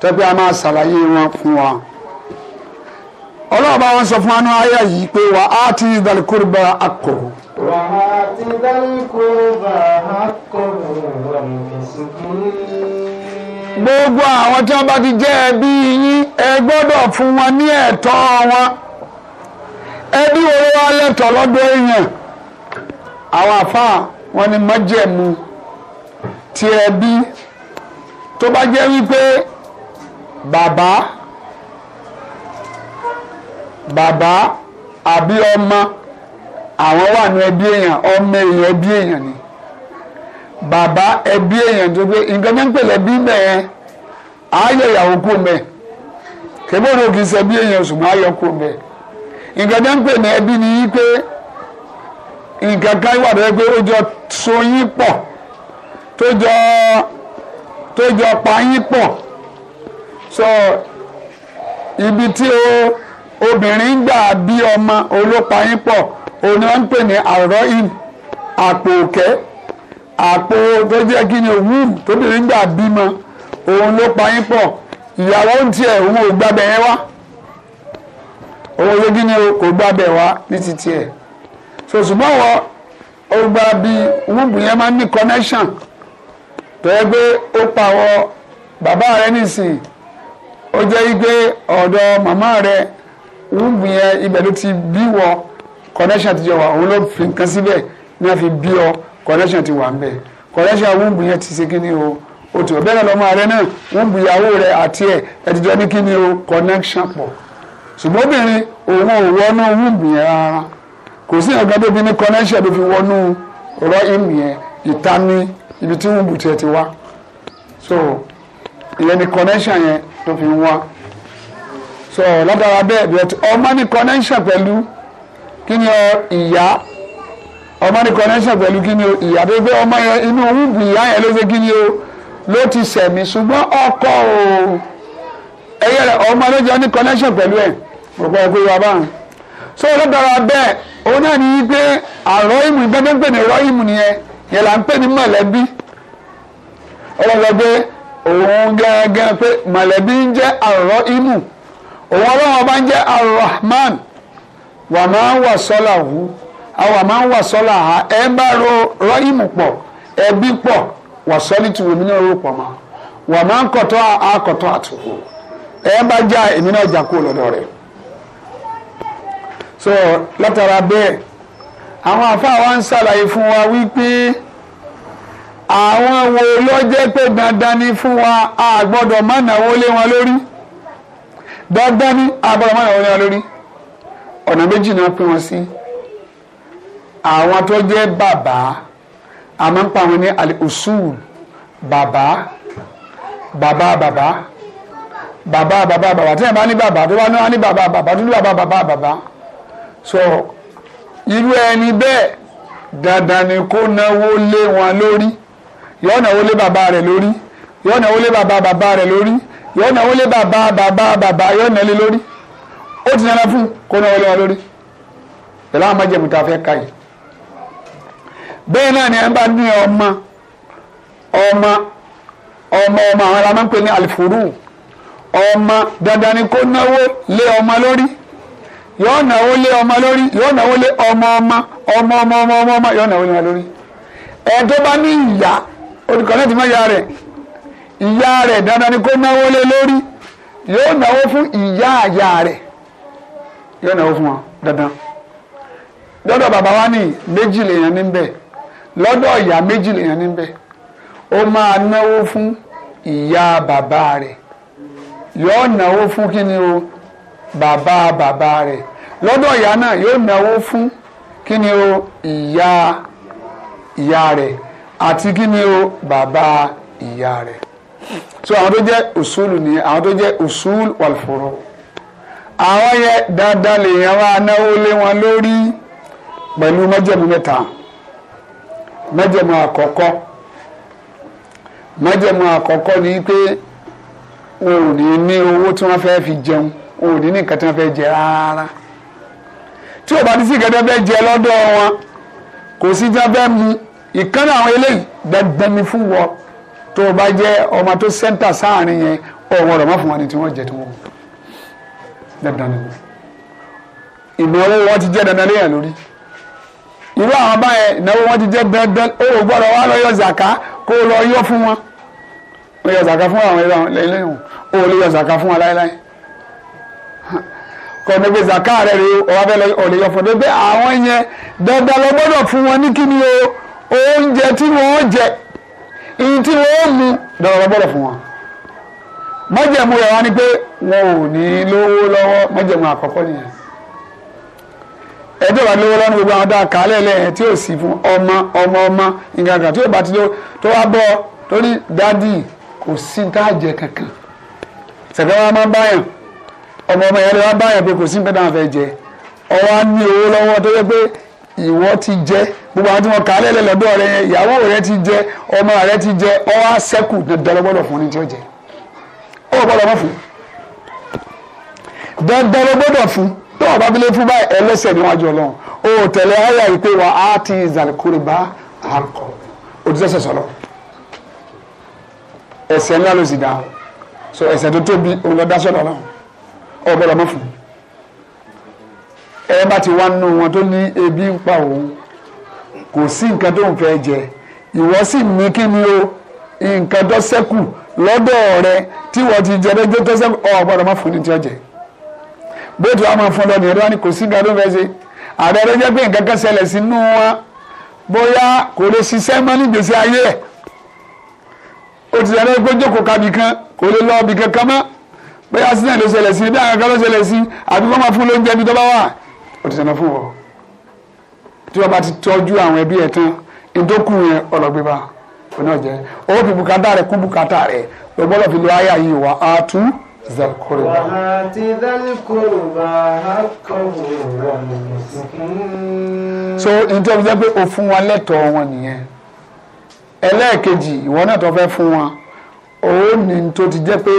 tẹ́pẹ́ a máa ṣàlàyé wọn fún wa ọlọ́ọ̀bá wọn sọ fún wa ní àyà yìí pé wà á ti ìdàlùkúrúbà àkọ. wà á ti ìdàlùkúrúbà àkọ gbogbo àwọn tí wọn bá ti jẹ́ ẹbí yín ẹ gbọ́dọ̀ fún wọn ní ẹ̀tọ́ wọn ẹbí wo wá lẹ́tọ̀ọ́ lọ́dọ̀ èèyàn àwọn àfáà wọn ni májẹ̀mú ti ẹbí tó bá jẹ́ wípé bàbá bàbá àbí ọmọ àwọn wà ní ẹbí èèyàn ọmọ èèyàn ẹbí èèyàn ni bàbá ẹbí èèyàn tó gbé nǹkan tó ń pè lẹ́bí mẹ́ẹ̀ ààyè ìyàwó kù mẹ́ kébóni ò kì í ṣẹbí èèyàn ṣùgbọ́n ààyè kù mẹ́ nǹkan tó ń pè ní ẹbí ni yí pé nǹkan kan wà lọ́wọ́ pé ó jọ so yín pọ̀ tó jọ tó jọ pa pọ̀ so ibi tí o obìnrin gbà bí ọmọ olópa yín pọ̀ òun ni wọ́n ń pè ní àrọ́ in àpò òkẹ́ àpò tó jẹ́ kí ni wúù tóbìnrin gbà bímọ òun ló pa pọ̀ ìyàwó ń tiẹ̀ òun ò gbàgbẹ́ yẹn wá òun ló kí ni kò gbàgbẹ́ wá ní ti tiẹ̀ so ṣùgbọ́n wọ ọgbà bíi wúùbù yẹn máa ń ní connection tọ́yẹ pé ó pa àwọn bàbá rẹ nísìn ó jẹ́ pé ọ̀dọ̀ màmá rẹ ń gbìn yẹn ibẹ̀ ló ti bí wọ connection ti jọ wà òun ló fi nǹkan síbẹ̀ ní a fi bí ọ connection ti wà ń bẹ̀ connection yẹn ti ṣe kí ni o o tò bẹ́ẹ̀ lọ́mọ rẹ náà ń bu ìyàwó rẹ àti ẹ̀ ẹ̀dìjọ́ ní kí ni o connection pọ̀ ṣùgbọ́n obìnrin òun ò wọnú wúùbù yẹn rárá kò sí ọ̀gá tó fi ní connection tó fi wọnú rọ ìmù yẹn ibi tí wúbù tiẹ̀ ti wá so ìyẹn ni connection yẹn tó fi wá so látara bẹ́ẹ̀ but ọmọ ní connection pẹ̀lú kí ni ọ ìyá ọmọ ní connection pẹ̀lú kí ni o ìyá tó gbé ọmọ yẹn inú wúbù ìyá yẹn ló ṣe kí ni o ló ti sẹ̀mí ṣùgbọ́n ọkọ o ẹyẹ rẹ ọmọ ló jẹ́ ní connection pẹ̀lú ẹ̀ gbogbo ẹgbẹ́ wa bá ń so látara bẹ́ẹ̀ òun náà ní í pé àrọ́ ìmù ìgbẹ́gbẹ́gbẹ́ ní ìmù nìyẹn yẹn là ń pè ní mọ̀lẹ́bí ọlọ́dọ̀ pé òun gángan pé mọ̀lẹ́bí ń jẹ́ àrọ̀ imú òun ọlọ́wọ́n bá ń jẹ́ arrahman wà máa ń wà sọ́là wù àwà máa ń wà sọ́là ha ẹ bá ro rọ́ imú pọ̀ ẹbí pọ̀ wà sọ́lì tù mí náà rò pọ̀ mọ́ wà máa ń kọ̀tọ́ àkọ̀tọ́ àtùkù ẹ bá já èmi náà jà kó lọ́dọ̀ rẹ̀ so látara bẹ́ẹ̀ àwọn àfáà wa ń ṣàlàyé fún wa wípé àwọn wo ló jẹ́ pé dandan ni fún wa a gbọ́dọ̀ má náwó lé wọn lórí dandan ni a gbọ́dọ̀ má náwó lé wọn lórí ọ̀nà méjì náà pín wọn sí àwọn tó jẹ́ bàbá a máa ń pa wọn ní al bàbá bàbá bàbá bàbá bàbá bàbá tí wọn bá ní bàbá tó bá ní bàbá bàbá tó ní bàbá bàbá bàbá so irú ẹni bẹ́ẹ̀ dandan ni kó náwó lé wọn lórí yóò náwó lé bàbá rẹ̀ lórí yóò náwó lé bàbá bàbá rẹ̀ lórí yóò náwó lé bàbá bàbá bàbá yóò náwó lé lórí ó ti nana fún kó náwó lé wọn lórí pẹ̀lú àwọn májèmú tá a yìí bẹ́ẹ̀ náà ni ẹ bá ní ọmọ ọmọ ọmọ ọmọ àwọn ará máa ń pè ní àlìfòrú ọmọ dandan ni kó náwó lé ọmọ lórí yóò náwó lé ọmọ lórí yóò náwó ọmọ ọmọ ọmọ ọmọ ọmọ ọmọ ọmọ yóò náwó ọmọ lórí ẹ̀ bá ní ìyá olùkọ́ náà ti mọ̀ ìyá rẹ̀ ìyá rẹ̀ dandan ni kó lórí yóò fún ìyá àyà rẹ̀ yóò o. bàbá bàbá rẹ lọ́dọ̀ ìyá náà yóò náwó fún kí ni o ìyá ìyá àti kí o bàbá ìyá rẹ so àwọn tó jẹ́ usulu nìyẹn àwọn tó jẹ́ usul wàlfòrò àwọn yẹ dáadáa lèèyàn wá náwó lé wọn lórí pẹ̀lú ni pé wọn ò fi jẹun wọn ò ní ní nǹkan tí wọ́n fẹ́ jẹ rárá tí ò bá ti sí nǹkan tí wọ́n fẹ́ jẹ lọ́dọ̀ wọn kò sí tí wọ́n fẹ́ mu ìkànnì àwọn eléyìí dandan ni fún wọn tó o bá jẹ́ ọmọ tó sẹ́ńtà sáàrin yẹn ọ̀wọ́ rẹ̀ má fún wọn ni tí wọ́n jẹ tí wọ́n mu dandan ni ìnáwó wọn ti jẹ́ dandan léyàn lórí irú àwọn báyẹn ìnáwó wọn ti jẹ́ dandan ó gbọ́dọ̀ wá lọ yọ zàká kó lọ yọ fún wọn ó yọ zàká fún àwọn ẹlẹ́yìn o lè yọ zàká fún wọn láéláé kọ̀ọ̀dẹ́gbẹ́ zaka rẹ̀ rè ọ̀wá bẹ́ẹ̀ lọ ọ̀lẹ́ yọ fọ̀dẹ́ pé àwọn yẹn dandan lọ gbọ́dọ̀ fún wọn ní kíni o oúnjẹ tí wọ́n jẹ ìyìn tí wọ́n mu dandan lọ gbọ́dọ̀ fún wọn. májẹ̀mú rẹ̀ wá ni pé wọn ò ní lówó lọ́wọ́ májẹ̀mú àkọ́kọ́ nìyẹn. ẹjọ́ wa lówó lọ́nu gbogbo àwọn dáa kálẹ̀ lẹ́yìn tí ò sí fún ọmọ ọmọ ọmọ nǹkan tí ò ọmọ ọmọ ìyá rẹ wá báyà pé kò sí nǹkan náà fẹ́ jẹ ọwọ́ á ní owó lọ́wọ́ tó yẹ pé ìwọ ti jẹ gbogbo àwọn tí wọn kà á lẹ́lẹ̀ lọ́dọ̀ rẹ yẹn ìyàwó rẹ ti jẹ ọmọ rẹ ti jẹ ọwọ́ á sẹ́kù dandan fún ni tí ó jẹ ó gbọ́dọ̀ mọ̀ fún dandan fún tó o bá fi lé fún báyìí ẹlẹ́sẹ̀ níwájú ọlọ́run o tẹ̀lé ayé àyípé wa á ti ìzàlùkúrìbá àkọ òtítọ́sẹ̀ sọ̀rọ̀ ẹ̀sẹ̀ ńlá ló sì dá so ẹ̀sẹ̀ tó tóbi òun lọ dá sọ́dọ̀ ọlọ́run ọ̀gbọ́dọ̀ mọ̀ fún un ẹ bá ti wá nínú wọn tó ní ebi ń pa òun kò sí nǹkan tó ń fẹ́ jẹ ìwọ sì ní kí ni o nǹkan tó ṣẹ́kù lọ́dọ̀ rẹ tí wọ́n ti jẹ lọ́jọ́ tó ṣẹ́kù ọ̀ gbọ́dọ̀ má fún ní tí ó jẹ bó ti wá máa fún lọ nìyẹn tó kò sí nǹkan tó ń fẹ́ ṣe ààrẹ rẹ jẹ́ pé nǹkan kan ṣẹlẹ̀ sínú wọn bóyá kò lè ṣiṣẹ́ mọ́ ní gbèsè ayé ẹ̀ ó ti sẹ́ni pé jókòó kabì kan kò lè lọ ibì kankan mọ́ pé accident ló ṣẹlẹ̀ sí bí àwọn ló ṣẹlẹ̀ sí àbí wọ́n máa fún lóúnjẹ ibi tó wà ó ti sẹ́nà fún wọ́ tí wọ́n bá ti tọ́jú àwọn ẹbí ẹ̀ tán ìdókù yẹn ọlọ́gbé bá ọ náà jẹ́ owó fi bùkátà rẹ̀ kú bùkátà rẹ̀ ló gbọ́dọ̀ fi lo yìí wà á tú zalkoroba. wà á ti zalkoroba akọ̀wé wà lọ́sọ̀kún. so ìjọ fi jẹ́ pé o fún wa lẹ́tọ̀ọ́ wọn nìyẹn ẹlẹ́ẹ̀kejì ìwọ náà tó fẹ́ fún wa òun ni tó ti jẹ́ pé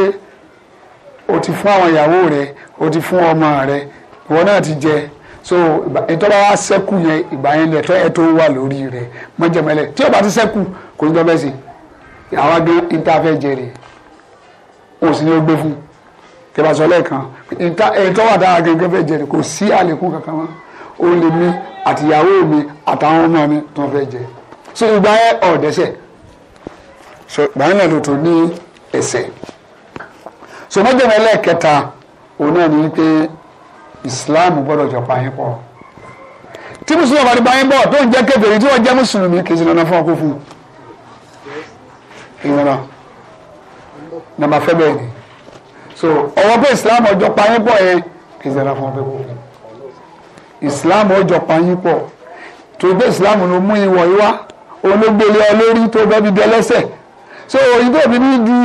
o ti fún àwọn ìyàwó rẹ o ti fún ọmọ rẹ ìwọ náà ti jẹ so ìtọ́ba wa sẹ́kù yẹn ìgbà yẹn lẹ̀ tọ́ ẹ tó wà lórí rẹ mọ́jẹ̀mẹ́lẹ̀ tí o bá ti sẹ́kù kò ní dọ́bẹ̀ sí àwọn agbé ìtafẹ́ jẹ rè o sì ní o gbé fún tẹ̀bá lẹ́ẹ̀kan ìtọ́wà dára gẹ́gẹ́ fẹ́ jẹ rè kò sí àlékún kankan mọ́ o lè mi àtìyàwó mi àtàwọn ọmọ mi tó fẹ́ jẹ so ìgbà yẹn ọ̀ dẹ́sẹ̀ so ìgbà yẹn lẹ̀ lò sọmọdéwọ̀n ẹlẹ́ẹ̀kẹta òun náà ní pé islam gbọ́dọ̀ jọ pààyàn pọ̀ tí mùsùlùmí ọ̀bàdì pààyàn pọ̀ tó ń jẹ́ kébèrè tí wọ́n jẹ́ mùsùlùmí kì í ṣe dandan fún ọkọ̀ fún ìrànà nàmbà fẹ́ bẹ́ẹ̀ ni so ọwọ́ pé islam ọjọ́ pààyàn pọ̀ yẹn kì í ṣe fún ọkọ̀ fún islam ọjọ́ pààyàn pọ̀ tó gbé islam ló mú ìwọ̀ yìí wá òun ló ọ lórí tó bẹ́ẹ̀ bí dẹ́lẹ́sẹ̀ so òyìnbó mi ní di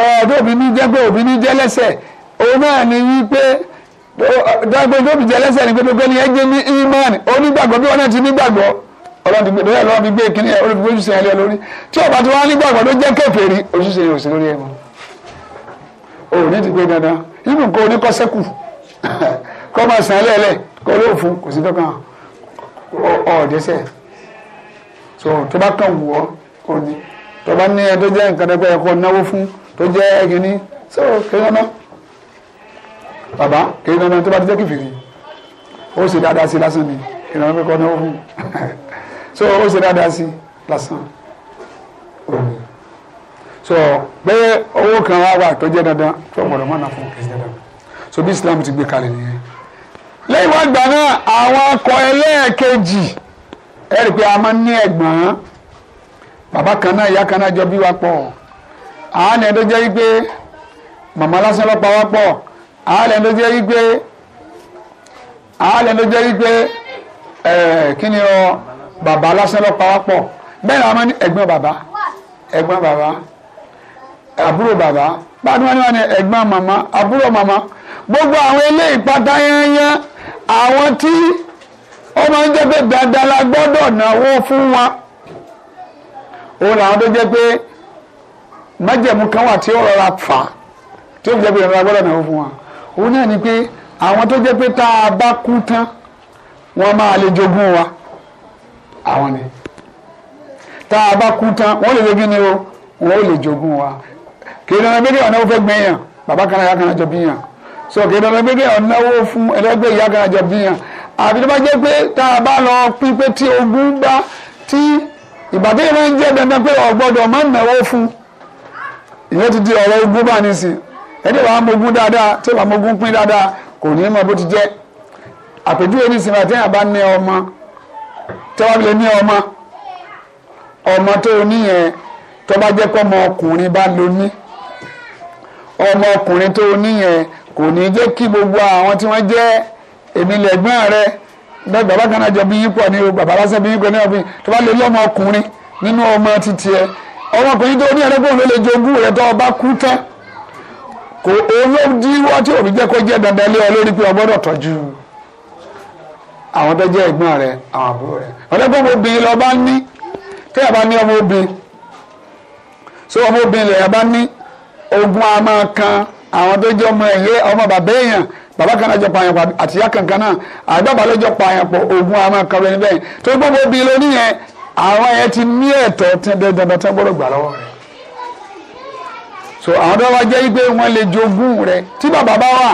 ọ̀dọ́ obìnrin jẹ́ pé obìnrin jẹ́ lẹ́sẹ̀ òun náà ni wípé dágbé tóbi jẹ́ lẹ́sẹ̀ ni pé ní ẹgbẹ́ ní imán onígbàgbọ́ bí wọ́n náà ti nígbàgbọ́ ọlọ́run ti gbé kíní ẹ̀ olùdókòwò ojúṣe ẹ̀ lé lórí tí ọba tí wọ́n á nígbàgbọ́ tó jẹ́ kèfèrí ojúṣe yóò sí lórí ẹ̀ mọ́ òní ti gbé dandan inú kò ní kọ́sẹ́kù kọ́ máa sàn lẹ́lẹ̀ kọ́ ló fún kò sí tọ́kàn ọ̀ọ́dẹ́sẹ̀ tó bá kàn wù ọ́ kò ní tó bá ní ẹ tó jẹ́ nǹkan tó pẹ́ ẹ kọ́ náwó fún tó jẹ́ kínní so kéré baba bàbá kéré náà tó bá ti jẹ́ kìfìrí ó ṣe dáadáa sí lásán ni kéré kọ́ náà fún so ó ṣe dáadáa sí lásán so pé owó kan wá wà tó jẹ́ dandan tó gbọ́dọ̀ mọ́nà fún kìí so bí Islam ti gbé kalẹ̀ nìyẹn lẹ́yìn wá gbà náà àwọn akọ ẹlẹ́ẹ̀kejì ẹ rí i pé a máa ń ní ẹ̀gbọ́n bàbá kan náà ìyá kan náà jọ bí wa pọ̀ àánẹ tó jẹ́ wípé màmá lásán pọ̀ àánẹ tó jẹ́ wípé tó jẹ́ wípé kí ni ọ bàbá lásán pọ̀ bẹ́ẹ̀ ni a máa ní ẹ̀gbọ́n bàbá ẹ̀gbọ́n bàbá àbúrò bàbá ni ẹ̀gbọ́n màmá gbogbo àwọn yẹnyẹn àwọn tí máa ń jẹ́ pé la gbọ́dọ̀ náwó fún wọn májẹ̀mú kan wà tí ó rọra fà á tí ó fi jẹ́ pé ìrora gbọ́dọ̀ náà fún wa òun náà ni pé àwọn tó jẹ́ pé tá a bá kú tán wọ́n máa lè jogún wa àwọn ni tá a bá kú tán wọ́n lè jogún ni o wọ́n lè jogún wa kì í dandan gbégbé ọ̀nà ó fẹ́ gbẹ̀yàn bàbá kan ìyá kan àjọ bíyàn so kì í dandan gbégbé ọ̀nà ó fún ẹlẹ́gbẹ́ ìyá kan àjọ bíyàn àbí tó bá jẹ́ pé tá a bá lọ pín pé tí ogún bá tí ìbàdí ìrìn jẹ́ dandan pé ọ̀gbọ́dọ̀ máa ń náwó fún un ìyẹn ti di ọ̀rọ̀ ogún bá nísìn ẹni wàá mogún dáadáa tí wàá mogún pín dáadáa kò ní mọ bó ti jẹ́ àpèjúwe nísìn àti ẹ̀yà bá ní ọmọ tí wàá lè ní ọmọ ọmọ tó o níyẹn tó bá jẹ́ pọ́mọ ọkùnrin bá lo ní ọmọ ọkùnrin tó o níyẹn kò ní jẹ́ kí gbogbo àwọn tí wọ́n jẹ́ èmi lẹ́gbọ́n rẹ bẹ́ẹ̀ bàbá kan náà jọ bí yípo ni o bàbá lásán bí yípo ni o tó bá lè lọ́mọ ọkùnrin nínú ọmọ títí ẹ ọmọkùnrin tó ní ẹlẹ́gbọ̀n ló lè jogún rẹ̀ tó ọba kú tán kò olódìwọ́ tí òbí jẹ́ kó jẹ́ dandan lé ọ lórí pé o gbọ́dọ̀ tọ́jú àwọn tó jẹ́ ẹ̀gbọ́n rẹ̀ àwọn àbúrò rẹ̀ ọ̀dẹ́gbọ́n obìnrin lọ bá ní kéèyàn bá ní ọmọ obìnrin so ọmọ obìnrin lèèyàn bá ní ogun a máa kan àwọn tó jẹ́ ọmọ ẹ̀yẹ ọmọ bàbá èèyàn bàbá kan náà jọ pààyàn pọ̀ àtìyá kankan náà àgbàbà ló jọ pààyàn pọ̀ ogun a kan lónìí bẹ́ẹ̀ tó gbogbo obìnrin lónìí àwọn yẹn ti ní ẹ̀tọ́ dandandan tán gbọ́dọ̀ gbà lọ́wọ́ rẹ̀ so àwọn tó wá jẹ́ wípé wọ́n lè jogún rẹ̀ tí bàbá bá wà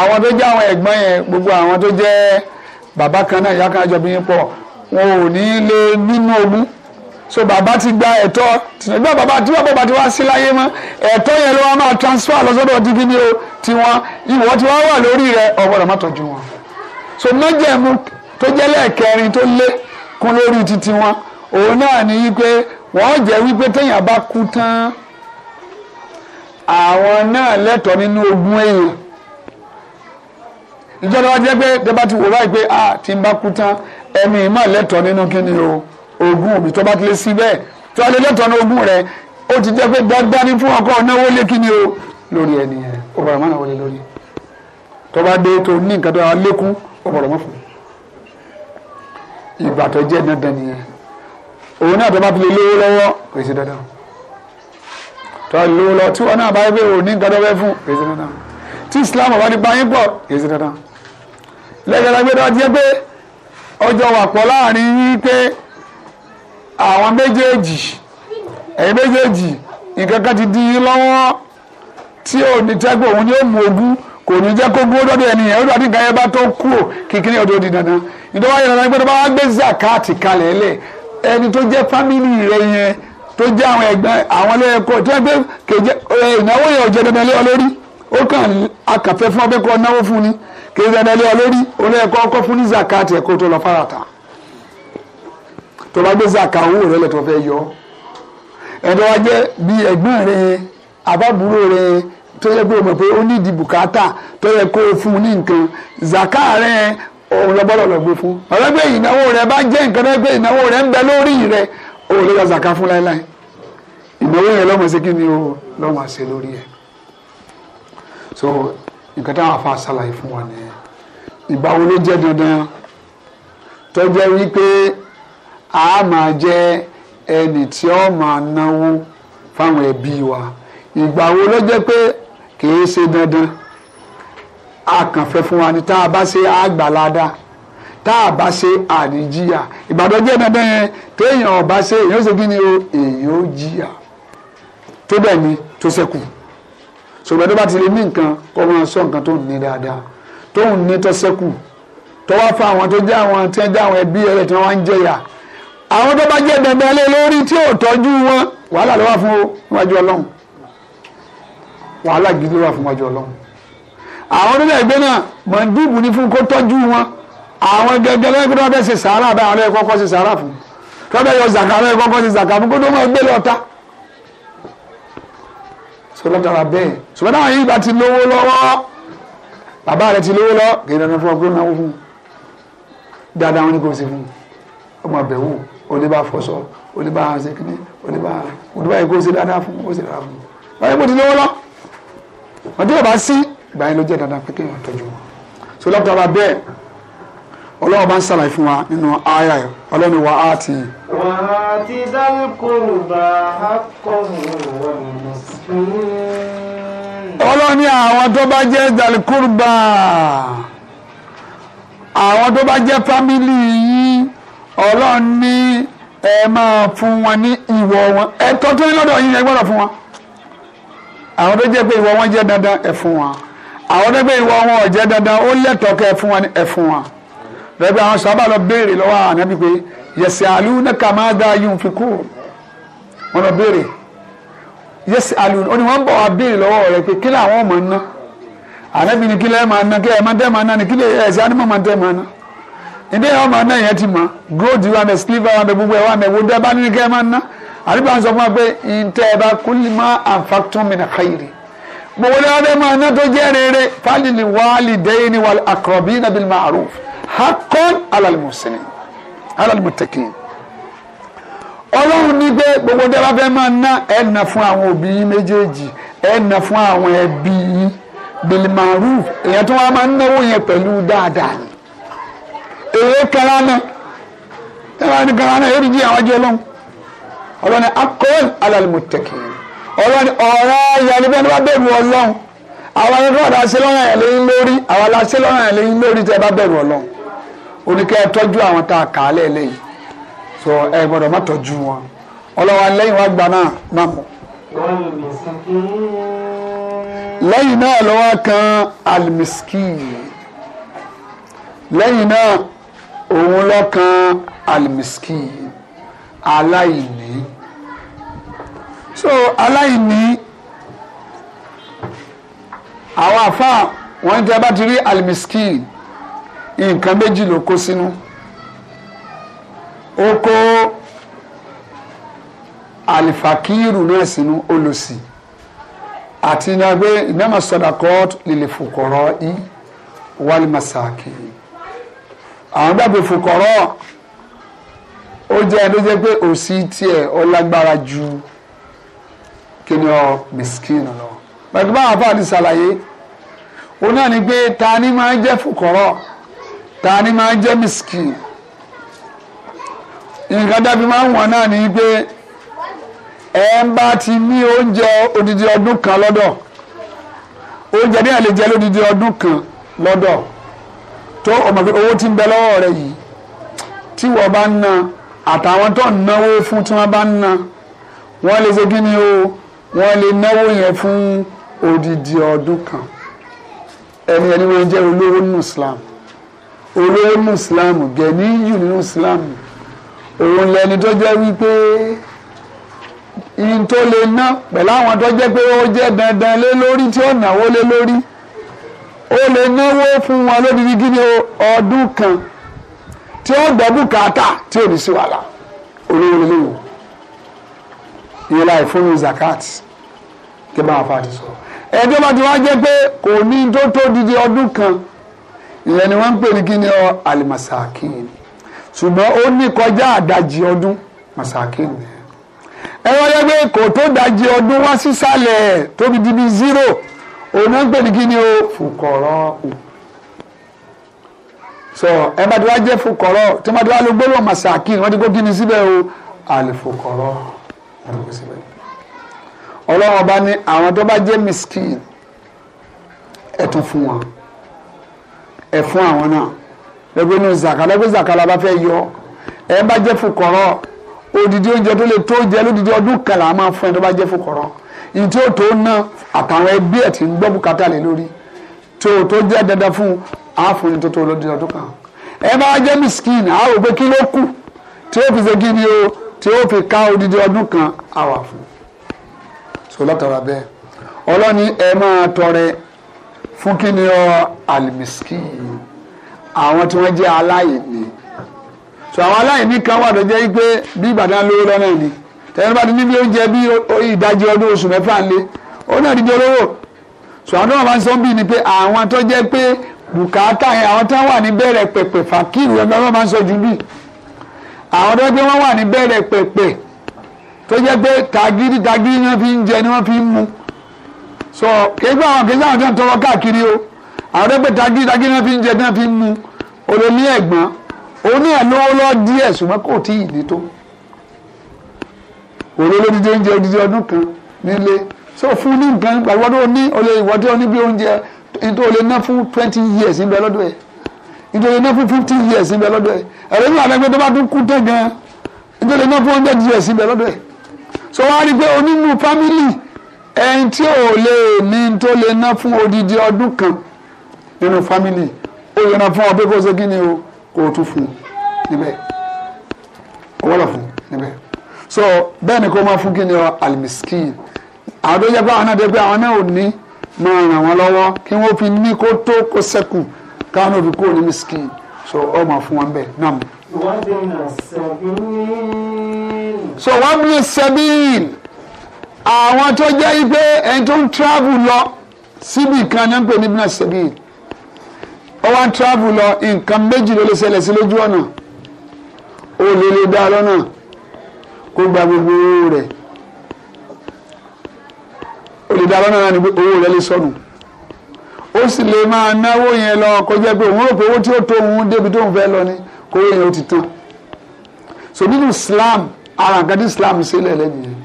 àwọn tó jẹ́ àwọn ẹ̀gbọ́n yẹn gbogbo àwọn tó jẹ́ bàbá kan náà ìyá kan àjọ bí yín pọ̀ wọn ò ní lè nínú ogún so bàbá ti gba ẹ̀tọ́ tìǹbà bàbá tí bàbá ti wá sí láyé mọ́ ẹ̀tọ́ yẹn ló wá máa transfer lọ́sọ́dọ̀ ti kí ni o tiwọn ìwọ tí wọ́n wà lórí rẹ̀ ọ̀gbọ́dọ̀ má tọ́jú wọn so májẹ̀mú tó jẹ́ lẹ́ẹ̀kẹrin tó lé kú lórí títí wọn òun náà ni wípé wọ́n jẹ́ wípé téèyàn bá kú tán àwọn náà lẹ́tọ̀ọ́ nínú ogún èèyàn ìjọba wa jẹ́ pé tẹ́bá ti wò báyìí pé a ti ń bá kú tán ẹni ìmọ̀ lẹ́tọ̀ọ́ nínú kíni o ogún òbí tó bá ti lé sí bẹ́ẹ̀ tí wọ́n lè lẹ́tọ̀ọ́ ní ogún rẹ̀ ó ti jẹ́ pé dandan ní fún ọkọ náwó lé kíni o lórí ẹni yẹn ó bọ̀rọ̀ mọ́ lórí tó bá dé tó ní nǹkan tó wà lékún ó fún un ìgbà tó jẹ́ dandan nìyẹn òun náà tó bá fi lè lówó lọ́wọ́ kò sí dandan tó a lówó lọ tí wọn náà bá yẹ pé òun ní nǹkan tó fẹ́ fún kò sí dandan tí Islam ọba ní báyìí pọ̀ kò sí dandan lẹ́gbẹ̀rẹ́ gbé tó jẹ́ pé ọjọ́ wà pọ̀ láàrin yín pé àwọn méjèèjì ẹ̀yin méjèèjì nǹkan kan ti di yín lọ́wọ́ tí ò ní tẹ́gbọ̀ òun ni mú ogún kò ní jẹ́ kó gbó dọ́dọ̀ ẹni yẹn ó dàbí nǹkan yẹn bá tó kúrò kíkiri ọdún di dandan ìdánwò ayé dandan gbọ́dọ̀ bá wá gbé zakat kalẹ̀ lẹ̀ ẹni tó jẹ́ fámìlì rẹ yẹn tó jẹ́ àwọn ẹ̀gbọ́n àwọn ẹlẹ́yẹkọ tó ń gbé kéje ìnáwó yẹn ò jẹ́ dandan lé ọ lórí ó kàn akàfẹ́ fún ọbẹ̀ kọ́ náwó fún ni kéje dandan lé ọ lórí olóyẹkọ ọkọ fún tó yẹ pé o mọ̀ pé ó ní ìdí bùkátà tó yẹ kó o fún un ní nǹkan zaka rẹ òun lọ́gbọ́dọ̀ lọ gbé fún ọ̀rẹ́gbẹ́ ìnáwó rẹ bá jẹ́ nǹkan rẹ́gbẹ́ ìnáwó rẹ ń bẹ lórí rẹ òun ló yọ zaka fún láéláé ìnáwó yẹn lọ́mọ sí kí ni o lọ́mọ ṣe lórí ẹ̀ so nǹkan táwọn afa ṣàlàyé fún wa nìyẹn ìgbà wo ló jẹ́ dandan tó wípé a máa jẹ́ ẹni tí ó máa náwó fáwọn ẹbí wa ìgbà wo ló jẹ́ pé kìí ṣe dandan a fún wa ni tá a bá ṣe àgbàládá tá a bá ṣe àníjìyà ìbàdàn jẹ́ dandan yẹn téèyàn ò bá ṣe èèyàn ó ṣe kí ni o èèyàn ó jìyà tó bẹ́ẹ̀ ni tó ṣẹ́kù ṣùgbọ́n tó bá ti lè ní nǹkan kó máa sọ nǹkan tó ní dáadáa tóun ní tó ṣẹ́kù tó wá fún àwọn tó jẹ́ àwọn tí wọ́n jẹ́ àwọn ẹbí rẹ̀ tí wọ́n ń jẹyà àwọn tó bá jẹ́ dandan lé lórí tí ò tọ́jú wọn wàhálà ló wà fún o níwájú ọlọ́run wàhálà gidi wà fún ọjọ́ ọlọ́run àwọn onílẹ̀ ẹgbẹ́ náà mọ̀ndíìbù ní fún kó tọ́jú wọn àwọn gẹ́gẹ́ lẹ́gbẹ́ náà bẹ́ẹ̀ ṣe sàárà bá àwọn ẹ̀kọ́ kọ́ ṣe sàárà fún tọ́bẹ̀ yọ zàkà àwọn ẹ̀kọ́ kọ́ ṣe zàkà fún kó tó máa gbé lọ́ta sọlọ́tara bẹ́ẹ̀ ṣùgbọ́n àwọn yìí bá ti lówó lọ́wọ́ bàbá rẹ̀ ti lówó lọ kì í dandan fún ọgbẹ́ náà fún dáadáa wọn ni kò báyìí kò ti lówó lọ́wọ́ wọn tí yóò bá sí ìgbà yẹn ló jẹ́ dandan pé kéèyàn tọ́jú wọn so lọ́kọ̀ọ́ba bẹ́ẹ̀ ọlọ́wọ́ bá ń sàlàyé fún wa nínú àyà ọlọ́ni wa á ti. wà á ti dálkòrò bá a kọ́ ọlọ́ni àwọn tó bá jẹ́ dálkòrò bá àwọn tó bá jẹ́ fámìlì yìí ọlọ́ni ẹ máa fún wọn ní ìwọ̀ wọn ẹ̀tọ́ tó lọ́dọ̀ yìí ẹ gbọ́dọ̀ fún wọn àwọn tó jẹ́ pé ìwọ wọn jẹ́ dandan ẹ fún wa àwọn tó jẹ́ pé ìwọ wọn ò jẹ́ dandan ó lẹ́tọ̀ọ́ kẹ́ ẹ fún wa ní ẹ fún wa lẹ́gbẹ́ àwọn sábà lọ béèrè lọ́wọ́ ànábì pé yẹ̀sẹ̀ àlù nàkà máa dá yín fi kú wọn lọ béèrè yẹ̀sẹ̀ àlù ó ní wọ́n bọ̀ wá béèrè lọ́wọ́ rẹ pé kí làwọn ọmọ ná ànábì ní kí lẹ́ẹ̀ máa ná kí ẹ̀ máa tẹ́ máa ná ní kí lẹ́ẹ̀ ẹ̀sẹ̀ ànímọ̀ máa tẹ́ máa ná ìdí ẹ̀ ọmọ náà yẹn ti mọ̀ gold wa mẹ́ silver wa mẹ́ gbogbo ẹ̀ wa mẹ́ wo dẹ́ bá ní kí ẹ máa ná àdúgbò àwọn sọ fún wa pé ntẹ́ ẹ bá kúlí má àǹfààtún mi nà káyìrì gbogbo ní abẹ́ máa ná tó jẹ́ rere fálìlì wàhálì dẹ́yìn ni wàhálì àkọ́rọ̀bí nàbí màrúf hakọ́n alalimusini alalimutaki ọlọ́run ní pé gbogbo ní abẹ́ máa ná ẹ̀ nà fún àwọn òbí méjèèjì ẹ̀ nà fún àwọn ẹbí yìí bilimaru èyàn tó wá máa ń náwó yẹn pẹ̀lú dáadáa ni èyí kẹrànà ẹ̀rọ ni kẹrànà èyí jí àwọn jẹ lọ́hùn ọlọ́ni akọ́ọ̀lù alálùmọ̀tẹ́kì ọlọ́ni ọ̀rọ̀ ayà níbẹ̀ ni wọ́n bẹ̀rù ọlọ́run àwọn ẹni fún àdáṣe lọ́rùn ẹ̀ lẹ́yìn lórí àwọn aláṣẹ lọ́rùn ẹ̀ lẹ́yìn lórí tẹ́ bá bẹ̀rù ọlọ́run oníkẹ́ tọ́jú àwọn tá a kà á lẹ̀ lẹ́yìn so ẹ gbọ́dọ̀ má tọ́jú wọn ọlọ́wà lẹ́yìn wá gbà náà náà mọ̀. lẹ́yìn náà lọ́wọ́ kan alimiskin lẹ́yìn náà òun lọ́kàn alimiskin aláìní so aláìní àwọn àfáà wọn tẹ bá ti rí alimiskin nǹkan méjì ló kó sínú ó kó alifakiru náà sínú olùsìn àti ìnagbé ìnáma sọdakọt lílẹ fòkọrọ yìí wálé masaki àwọn gbàgbé fòkọrọ ó jẹ ẹni tó jẹ pé òsì tiẹ̀ ó lágbára ju kí ni ọ mẹsìkìnì lọ pẹ̀lú báwọn afáàdì ṣàlàyé òun náà ni pé ta ni máa ń jẹ́ fòkọ́rọ́ ta ni máa ń jẹ́ mẹsìkìnì nǹkan dábì máa ń wọ̀n náà ni pé ẹ ń bá ti ní oúnjẹ odidi ọdún kan lọ́dọ̀ oúnjẹ ní àlè lódidi ọdún kan lọ́dọ̀ tó ọmọ pé owó ti ń bẹ lọ́wọ́ rẹ yìí tí wọ́n bá ń na àtàwọn tó ń náwó fún tí wọ́n bá ń na wọ́n lè ṣe kí ni o wọ́n lè náwó yẹn fún odidi ọdún kan ẹni ẹni wọ́n jẹ́ olówó nínú Islam olówó nínú Islam gẹ̀ẹ́nì yù nínú Islam òun lẹni tó jẹ́ wípé ihun tó lè ná pẹ̀lú àwọn tó jẹ́ pé ó jẹ́ dandan lé lórí tí ó náwó lé lórí ó lè náwó fún wọn lódidi gíní ọdún kan tí ó gbọ́ bùkátà tí ò ní sí wàhálà olówó lè léwu ìyẹn láì fún mi zakat kí bá wọn fa ti sọ ẹjọ́ bá ti wá jẹ́ pé kò ní tó tó dídí ọdún kan ìyẹn ni wọ́n ń pè ní kí ni ọ alimasakin ṣùgbọ́n ó ní kọjá àdajì ọdún masakin ẹ wọ́n yẹ pé kò tó dajì ọdún wá sísàlẹ̀ tóbi di zero òun ń pè ní kí ni o fùkọ̀rọ̀ so ẹ bá ti wá jẹ́ fùkọ̀rọ̀ tí wọ́n ti wá lọ gbólóhùn masakin wọ́n ti kó kí ni síbẹ̀ o alifùkọ̀rọ̀ ọlọ́run ọba ní àwọn tó bá jẹ́ miskin ẹ tún fún wọn ẹ fún àwọn náà lẹ́gbẹ́ inú zaka lẹ́gbẹ́ zaka la bá fẹ́ yọ ẹ bá jẹ́ fukọ̀rọ̀ odidi oúnjẹ tó lè tó jẹ lódidi ọdún kan là máa fún ẹ tó bá jẹ́ fukọ̀rọ̀ ìyí tí ó tó ná àtàwọn ẹbí ẹ̀ tí ń gbọ́ bùkátà lé lórí tó tó jẹ́ dandan fún àáfòyìn tó tó lódidi ọdún kan ẹ bá jẹ́ miskin àá rò pé kí ló kù tí ó fi ṣe kí ni o tí ó fi ká odidi ọdún kan àwà fún un sọlọ́tara bẹ́ẹ̀ ọlọ́ni ẹ máa tọrẹ fún kí ni ọ àlìmísíkì àwọn tí wọ́n jẹ́ aláìní so àwọn aláìní kan wà tó jẹ́ pé bí ìbàdàn lówó lọ́nà ìní tẹ̀yìn bá ti ní bí oúnjẹ bí ìdajì ọdún oṣù mẹ́fà ń ó náà dídí olówó so àwọn tó wà máa ń sọ bí ni pé àwọn tó jẹ́ pé bùkátà yẹn àwọn tó wà ní bẹ̀rẹ̀ pẹ̀pẹ̀ fàkìrì ọ̀gá wọn máa ń sọ jù bí àwọn tó jẹ́ wà ní bẹ̀rẹ̀ pẹ̀pẹ̀ tó jẹ́ tagiri tagiri ni wọ́n fi ń jẹ ni wọ́n fi ń mu so kéjọ́ àwọn kéjọ́ àwọn tó ń tọrọ káàkiri o àwọn tó pé tagiri tagiri ni wọ́n fi ń jẹ ni wọ́n fi ń mu olómi ẹ̀gbọ́n oní ẹ̀ lówó lọ díẹ̀ ṣùgbọ́n kò tí ì ní tó olólo dídé oúnjẹ odidi ọdún kan nílé so fún ní nǹkan gbàgbọ́ tó ní olè ìwọ́dé oní bí oúnjẹ nítorí olè ná fún twenty years níbẹ̀ lọ́dọ̀ ẹ̀ nítorí ná fún fifty years níbẹ̀ lọ́dọ̀ ẹ̀ ẹ̀rọ ní àbẹ̀gbẹ́ tó bá tún kú tẹ̀ gan nítorí ná fún hundred years níbẹ̀ lọ́dọ̀ ẹ̀ so wọ́n á rí i pé onímù fámìlì ẹni tí ò lè ní tó lè ná fún odidi ọdún kan nínú fámìlì ó lè ná fún ọ pé kí ni o kó tún fún un níbẹ̀ kó lọ fún un níbẹ̀ so bẹ́ẹ̀ ni kó máa fún kí ni ọ alimiskin àwọn tó yẹ pé àwọn náà dé pé àwọn náà ò ní máa ràn wọ́n lọ́wọ́ kí wọ́n fi ní kó tó kó sẹ́kù káwọn òbí kúrò ní miskin so ọ máa fún wọn bẹ́ẹ̀ náà so wọ́n bí sẹ́bìn àwọn tó jẹ́ ipé ẹni tó ń travel lọ síbi kan ní ń pè ní bí sẹ́bìn ó wá ń travel lọ nǹkan méjì ló lè ṣẹlẹ̀ sí lójú ọ̀nà ó lè lè dá lọ́nà kó gba gbogbo owó rẹ̀ ó lè dá lọ́nà náà ni pé owó rẹ̀ lè sọnù ó sì lè máa náwó yẹn lọ kó jẹ́ pé òun rò pé owó tí ó tó òun débi tóun fẹ́ lọ ni kóró yẹn ó ti tó so nínú Islam ara nǹkan tí Islam ṣe lẹ́lẹ́ nìyẹn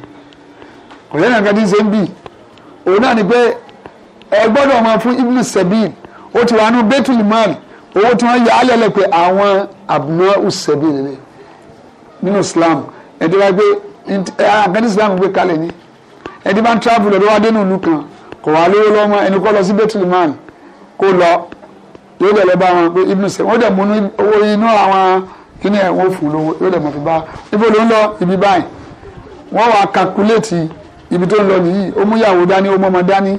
kò nǹkan tí ń ṣe ń bì òun náà ni pé ẹ gbọ́dọ̀ máa fún ibùdó sẹ́bìn ó ti wà nù bẹ́tùlì mọ́ọ̀lì owó tí wọ́n yà á lẹ́lẹ̀ pé àwọn àbùmọ́ òṣèbí rẹ̀ nínú Islam ẹ̀dí wá gbé àgbẹ̀dí Islam gbé kalẹ̀ ní ẹ̀dí bá ń travel lọ́dọ̀ wá dénú ìlú kan kò wá lówó lọ́mọ ẹni kọ́ lọ sí Bethlehem kó lọ yóò dẹ̀ lọ bá wọn pé ibùdó sẹ́yìn wọ́n dẹ̀ mú owó inú àwọn kíní ẹ̀ wọ́n fún lówó yóò dẹ̀ mọ̀ fi bá ibo ló ń lọ ibi báyìí wọ́n wá kakuléètì ibi tó ń lọ nìyí ó mú ìyàwó dání ó mú ọmọ dání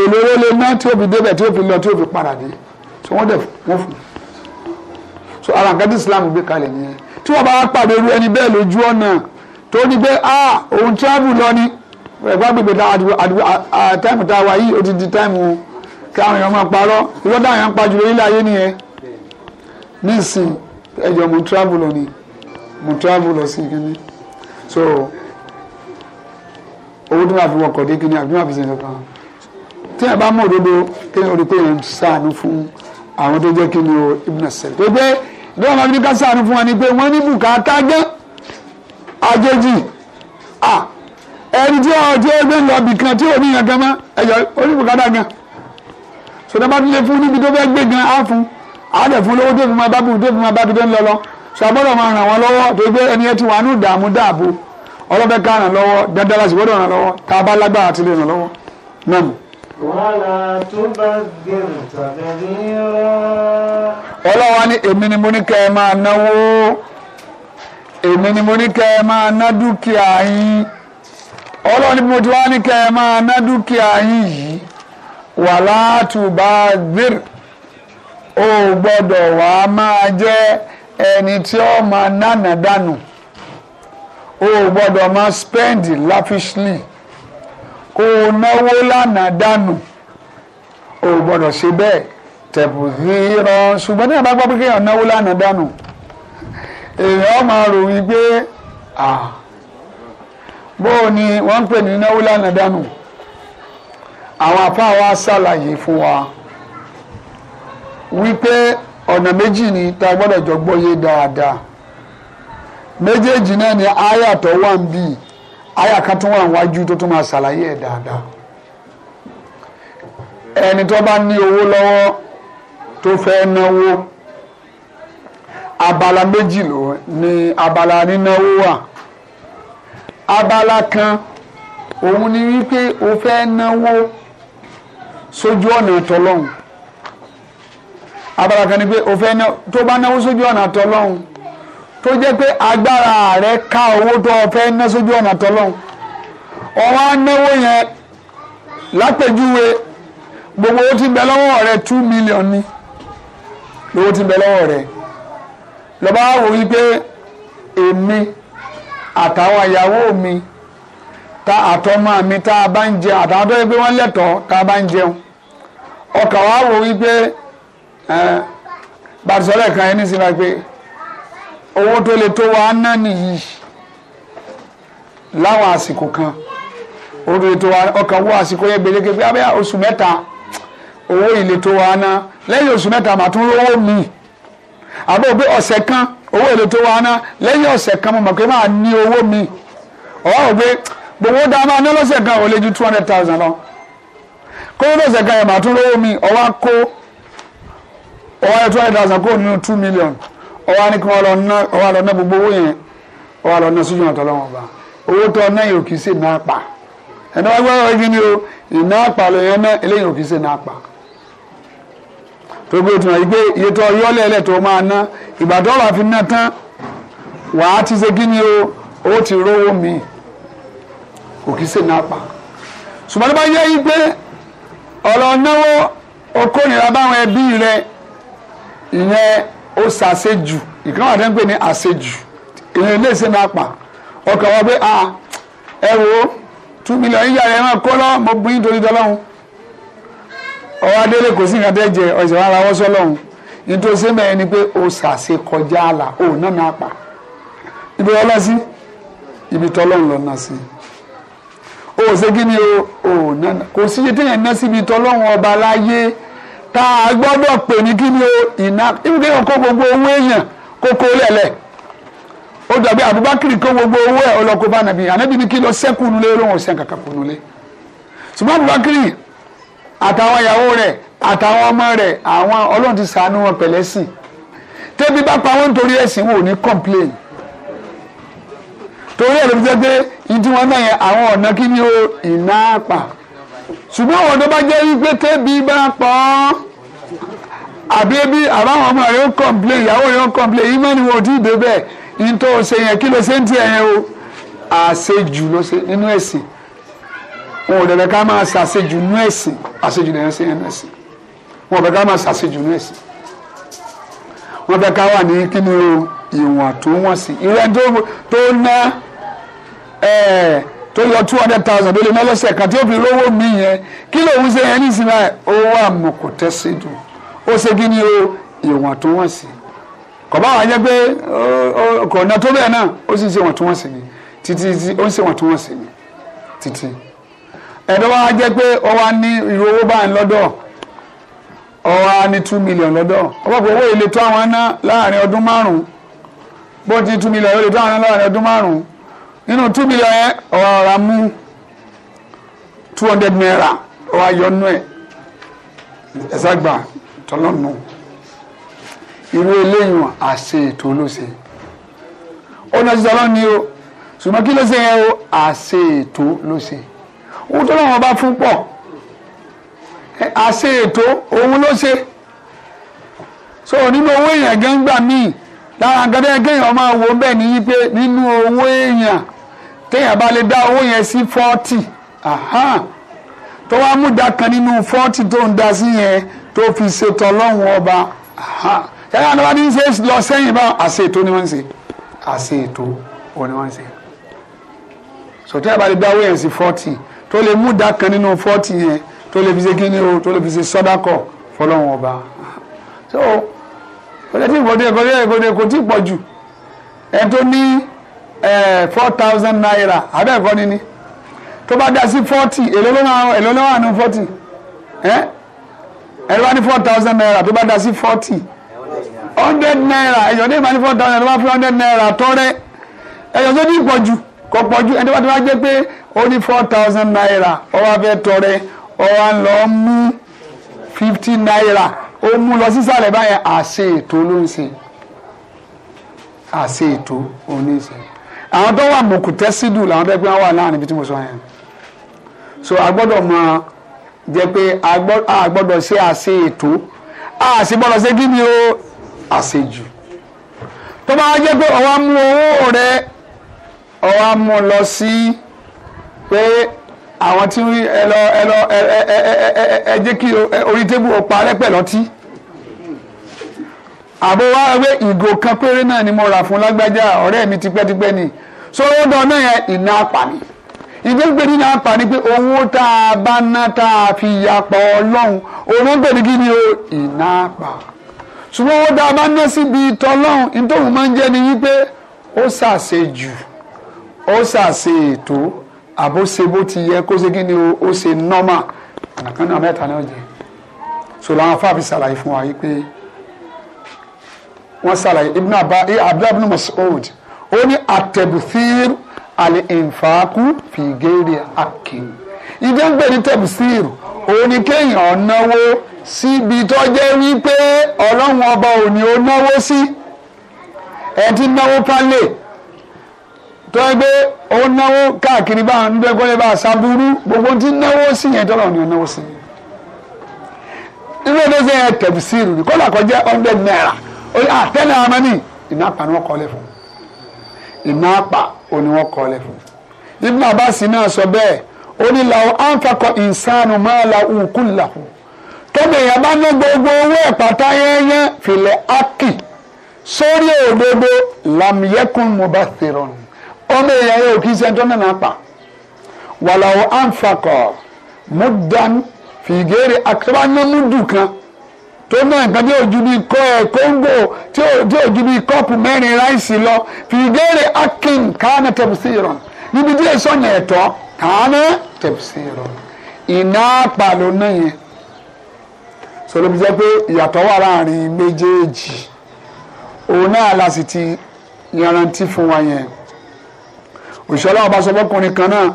èlò owó lè ná tí ó fi débẹ̀ tí ó fi lọ tí ó fi padà dé tí wọ́n dẹ̀ wọ́n fún so ara nǹkan tí Islam gbé kalẹ̀ nìyẹn tí wọ́n bá pàdé irú ẹni bẹ́ẹ̀ lójú ọ̀nà tó ní pé ah òun travel lọ ni ẹ̀fọ́ gbègbè táwọn àdúgbò àtàìmù táwa yìí ó ti di táìmù o káwọn èèyàn máa parọ́ ìrọ́dá èèyàn pa jùlọ ilé ayé nìyẹn nísìn ẹjọ́ mo travel lọ ni mo travel lọ sí kíní so owó tó máa fi wọkọ̀ dé kíní àbí máa fi sèǹtẹ̀ kan tí ẹ bá mọ òdodo kí ni olùkọ́ yẹn sàánú fún àwọn tó jẹ́ kí ni o ibùdó sẹ́lẹ̀ tó gbé ìdánwò máa fi ní ká sàánú fún wa ni pé wọ́n ní bùkátà gbẹ́ àjèjì ẹni tí ọ̀ọ́ tí ó gbé lọ bìkan tí ò ní yàn gan mọ́ ẹ̀yọ́ oníbùkátà gan sọdọ́ bá tún lè fún níbi tó fẹ́ gbé gan á fún á dẹ̀ fún lówó tó fi máa bá bùn tó fi máa bá bi tó ń lọ lọ sọgbọ́dọ̀ máa ràn wọ́n lọ́wọ́ tó gbé ẹni ẹ ti wà ní ìdààmú dáàbò ọlọ́fẹ́ ká ràn lọ́wọ́ dáadáa láti gbọ́dọ̀ ràn lọ́wọ́ tá a bá lágbára ti lè ràn lọ́wọ́ náà. wàhálà ọlọ́wọ́ ni èmi ni mo ní kẹ́ ẹ máa náwó èmi ni mo ní kẹ́ ẹ máa ná dúkìá yín ọlọ́wọ́ ni mo ti wá ní kẹ́ ẹ máa ná dúkìá yín yìí wàlátùbáàdìr o gbọ́dọ̀ wá máa jẹ́ ẹni tí ó máa nánà dànù o gbọ́dọ̀ máa spend lavishly kó o náwó lánà dànù o gbọ́dọ̀ ṣe bẹ́ẹ̀ tẹ̀bùzírọ̀ ṣùgbọ́n ní àbá gbọ́ pé kéèyàn náwó lánà dànù èèyàn máa rò wípé bóò ni wọ́n ń pè ní náwó lánà dànù àwọn afáà wa ṣàlàyé fún wa wípé ọ̀nà méjì ni tá a gbọ́dọ̀ jọ gbọ́yé dáadáa méjèèjì náà ni àyà tó wà ń bì àyà kan tó wà níwájú tó tún máa ṣàlàyé ẹ̀ dáadáa ẹni tó bá ní owó lọ́wọ́ tó fẹ́ náwó abala méjì ló ní abala nínáwó wà abala kan òun ni wípé o fẹ́ náwó sójú ọ̀nà tọlọ́hún abala kan ni pé òfin ẹni tó bá náwó sójú ọ̀nà tọlọ́hún tó jẹ́ pé agbára rẹ̀ ká owó tó o ná sójú ọ̀nà tọlọ́hún ọwọ́ anáwó yẹn lápèjúwe gbogbo owó tí bẹ lọ́wọ́ rẹ̀ two million ni lówó tí ń bẹ lọ́wọ́ rẹ̀ lọ́ba wò yí pé èmi àtàwọn ìyàwó mi ta àtọmọ mi tá a bá ń jẹun àtàwọn tó yẹ pé wọ́n lẹ́tọ̀ọ́ tá a bá ń jẹun ọkàn wa wò wípé bàtìsọ́lẹ̀ kan ẹni sí pé owó tó le tó wa ná nìyí láwọn àsìkò kan owó tó le tó wa ọkàn wo àsìkò yẹn gbèdéke pé abẹ́ oṣù mẹ́ta owó yìí le tó wa ná lẹ́yìn oṣù mẹ́ta màá tún lówó mi àbọ̀ pé ọ̀sẹ̀ kan owó èlé tó wa ná lẹ́yìn ọ̀sẹ̀ kan mo mọ̀ pé máa ní owó mi ọ̀wá ò gbogbo dáa máa lọ́sẹ̀ kan ò lè ju two hundred thousand lọ. kó lọ́sẹ̀ kan yẹn màá tún lówó mi ọwọ́ kó ọwọ́ ayé two hundred thousand kó nínú two million ní gbogbo owó yẹn ọwọ́ á sójú owó tó kì í o pa eléyìí kì í pa tó gbé náà yìí pé iye tó máa ná o ó ti mi pa ọ̀rọ̀ náwó okòrìnra báwọn ẹbí rẹ ìyẹn ó ṣàṣejù ìkànnì àti ẹgbẹ́ ní àṣejù ìyẹn lè ṣe máa pa ọkàn wọn pé a ẹ wo two million yíyá rẹ máa kó lọ mo bu yín torí tọ́lọ́hún ọwọ́ adélé kò sí nǹkan tẹ́ jẹ ọ̀sẹ̀ wọn ara wọ́n nítorí sẹ́mi ẹni pé o ṣàṣe kọjá àlà o náà máa pa ibi ọlọ́sí ibi tọ́lọ́hún lọ́ọ́ náà sí o ṣe kí o nana kò sí iye téèyàn ná síbi tọ́lọ́run ọba láyé tá a gbọ́dọ̀ pè ní kí o ìná ibi kéèyàn kó gbogbo owó èèyàn kó kó lẹ̀lẹ̀ ó dàbí Abubakar kó gbogbo owó ẹ̀ ọlọ́kọ̀ bá nàbí ànábì ní kí lọ sẹ́kù nulẹ̀ lóhùn sẹ́ǹkà kàkù nulẹ̀ ṣùgbọ́n Abubakar àtàwọn ìyàwó rẹ̀ àtàwọn ọmọ rẹ̀ àwọn Ọlọ́run ti ṣàánú wọn pẹ̀lẹ́sìn tẹ́bí bá pa wọn nítorí ẹ̀sìn wọn ní complain torí ẹ̀ ló fi jẹ́ pé ìdí wọn náà yẹn àwọn ọ̀nà kí ni o iná pa ṣùgbọ́n àwọn tó bá jẹ́ wípé tẹ́bi bá pọ̀ àbí ebi àbáwọn ọmọ rẹ̀ ó kọ̀m̀plé ìyàwó rẹ̀ ó kọ̀m̀plé yìí mọ́ ni wọn ò tí ì dé bẹ́ẹ̀ ní yẹn kí ló ṣe ń tiẹ̀ yẹn o àṣejù ló ṣe nínú ẹ̀sìn wọn ò dẹ̀dẹ̀ ká máa ṣàṣejù nínú ẹ̀sìn àṣejù lẹ́yìn ṣe yẹn nínú ẹ̀sìn wọn ò bẹ̀ ká máa ṣàṣejù nínú ẹ̀sìn wọn bẹ̀ ká wà ní kí ni o ìwọ̀n tó wọ̀n sí ìrẹ́ tó ná ẹ̀ẹ́ eh, tó yọ two hundred thousand lórí mọ́lọ́sẹ̀ tí ó fi lówó mi yẹn kí lòun ṣe yẹn ìsinmi báyìí ó wà mọ̀ kò tẹ́sí dùn ó ṣe kí ni o ìwọ̀ntúnwọ̀nsì kọ̀bá wa jẹ́ pé kò ná tó bẹ́ẹ̀ náà ó sì ṣe títí ó títí ẹ̀dọ́ wa jẹ́ pé ní owó báyìí lọ́dọ̀ ní two million lọ́dọ̀ àwọn ná láàrin ọdún márùn-ún bó nínú two million yẹn ọ̀rọ̀ ọ̀rọ̀ mú two hundred naira ọ̀rọ̀ ayọ̀nú ẹ̀ ẹ̀sà gbà tọ́lọ́nù irú eléyìí àṣe ètò olóṣè ọ̀nà ìṣẹ́ ọlọ́ni o ṣùgbọ́n kí ló ṣe yẹn o àṣe ètò olóṣè owó tó lọ́wọ́ bá fún pọ̀ àṣe ètò òun ló ṣe so nínú owó èèyàn gan gbà míì lára nǹkan tó yẹ kéèyàn máa bẹ́ẹ̀ ni yí pé nínú owó èèyàn téèyàn bá lè dá owó yẹn sí fọ́ọ̀tì tó wá mú da kan nínú fọ́ọ̀tì tó ń da sí yẹn tó fi ṣètò ọlọ́run ọba ẹ̀rọ àdàbà ní ṣe lọ sẹ́yìn bá àṣẹ ètò ni wọ́n ń ṣe àṣẹ ètò òun ni wọ́n ń ṣe sọtẹ́ àbá lè dá owó yẹn sí fọ́ọ̀tì tó lè mú da kan nínú fọ́ọ̀tì yẹn tó lè fi ṣe kíni o tó lè fi ṣe sọ́dákọ̀ fọlọ́run ọba so kò tí ì pọ̀ dé kò tí ì pọ̀ jù ẹ̀ tó ní four thousand naira abẹ́ẹ̀kọ́ ni ni tó bá dá sí forty èlò ló máa èlò ló wà nù forty ẹ̀rọ bá four thousand naira tó bá dá sí forty hundred naira ẹ̀yọ́ ní ìbá ní four thousand tó bá fi hundred naira tọ́rẹ́ ẹ̀yọ́ tó ní ìpọ̀jù kò pọ̀jù ẹni tó bá ti jẹ́ pé ó ní four thousand naira ó wá fẹ́ tọrẹ ó wá lọ mú fifty naira ó mú lọ sísàlẹ̀ báyẹn àṣẹ ètò ló ń ṣe àṣẹ ètò òun ní ìṣẹ̀lẹ̀ àwọn tó wà mọ̀kùtẹ́sídù làwọn tẹ́ pé wọ́n wà láàrin ibi tí mo sọ yẹn so a gbọ́dọ̀ mọ jẹ́ pé a gbọ́dọ̀ ṣe àṣe ètò a sì gbọ́dọ̀ ṣe kí ni o àṣejù tó bá jẹ́ pé ọwọ́ mú owó rẹ ọwọ́ mú lọ sí pé àwọn tí ẹ lọ ẹ lọ ẹ jẹ́ kí orí tébù ọ̀pá rẹ pẹ̀lọ́tì àbó wá wé ìgò kan péré náà ni mo rà fún lágbájá ọ̀rẹ́ mi tipẹ́tipẹ́ ni so ó dán náà yẹn ìná apàní ìgbẹ́gbẹ́ ní náà apàní pé owó tá a bá ná tá a fi yapa ọlọ́run òun ń gbèdégi ni o ìná apà ṣùgbọ́n owó tá a bá ná síbi tọ́lọ́run nítorí máa ń jẹ́ ni wípé ó ṣàṣejù ó ṣàṣe ètò àbó ṣe bó ti yẹ kó ṣe kí ni o ó ṣe nọ́mà àkànnà mẹ́ta náà jẹ sọlá àwọn fún wa yìí wọ́n ṣàlàyé ibn abba eh, abdullahi ibn Mas'ud ó ní àtẹ̀bùsír àlè ìfàákù fìgèrè àkè ìdí ń pè ní tẹ̀bùsír òun ni kéèyàn náwó síbi wípé ọlọ́run ọba ò ní ó náwó sí ẹ ti náwó pálẹ̀ ó náwó káàkiri bá ń ni náwó sí. naira ó yà àtẹ́lẹ̀ àmọ́ ní ah, iná pa ni wọ́n kọ́lẹ̀ fún iná pa ó ní wọ́n kọ́lẹ̀ fún Ibn Abbas náà sọ bẹ́ẹ̀ ó ní làwọn àǹfààkọ ìsánù máa la òkú làkù tóbi èèyàn bá ná gbogbo owó ẹ̀pàtà yẹ́nyẹ́ fìlẹ̀ ákì sórí òdodo làmìyẹ́kùn mubathirun ọmọ èèyàn yóò kí sẹ́ńtọ́ náà náà pa wàlàwọ̀ àǹfààkọ muddan fìgèrè àtúbánámúdù kan tó ná nǹkan tí òjú bíi kọ́ ẹ̀ kóńgò tí òjú bíi kọ́ọ̀pù mẹ́rin ráìsì lọ fìdéèrè akin kàánà tẹ̀bùsì rọ̀ níbi tí èso yẹn ẹ̀tọ́ kàánà tẹ̀bùsì rọ̀ iná pàlọ́ náà yẹn sọlọ́ bí jẹ́ pé ìyàtọ̀ wà láàrin méjèèjì òun náà la sì ti yanrantí fún wa yẹn òṣìṣẹ́ ọlọ́run bá sọ fọ́kùnrin kan náà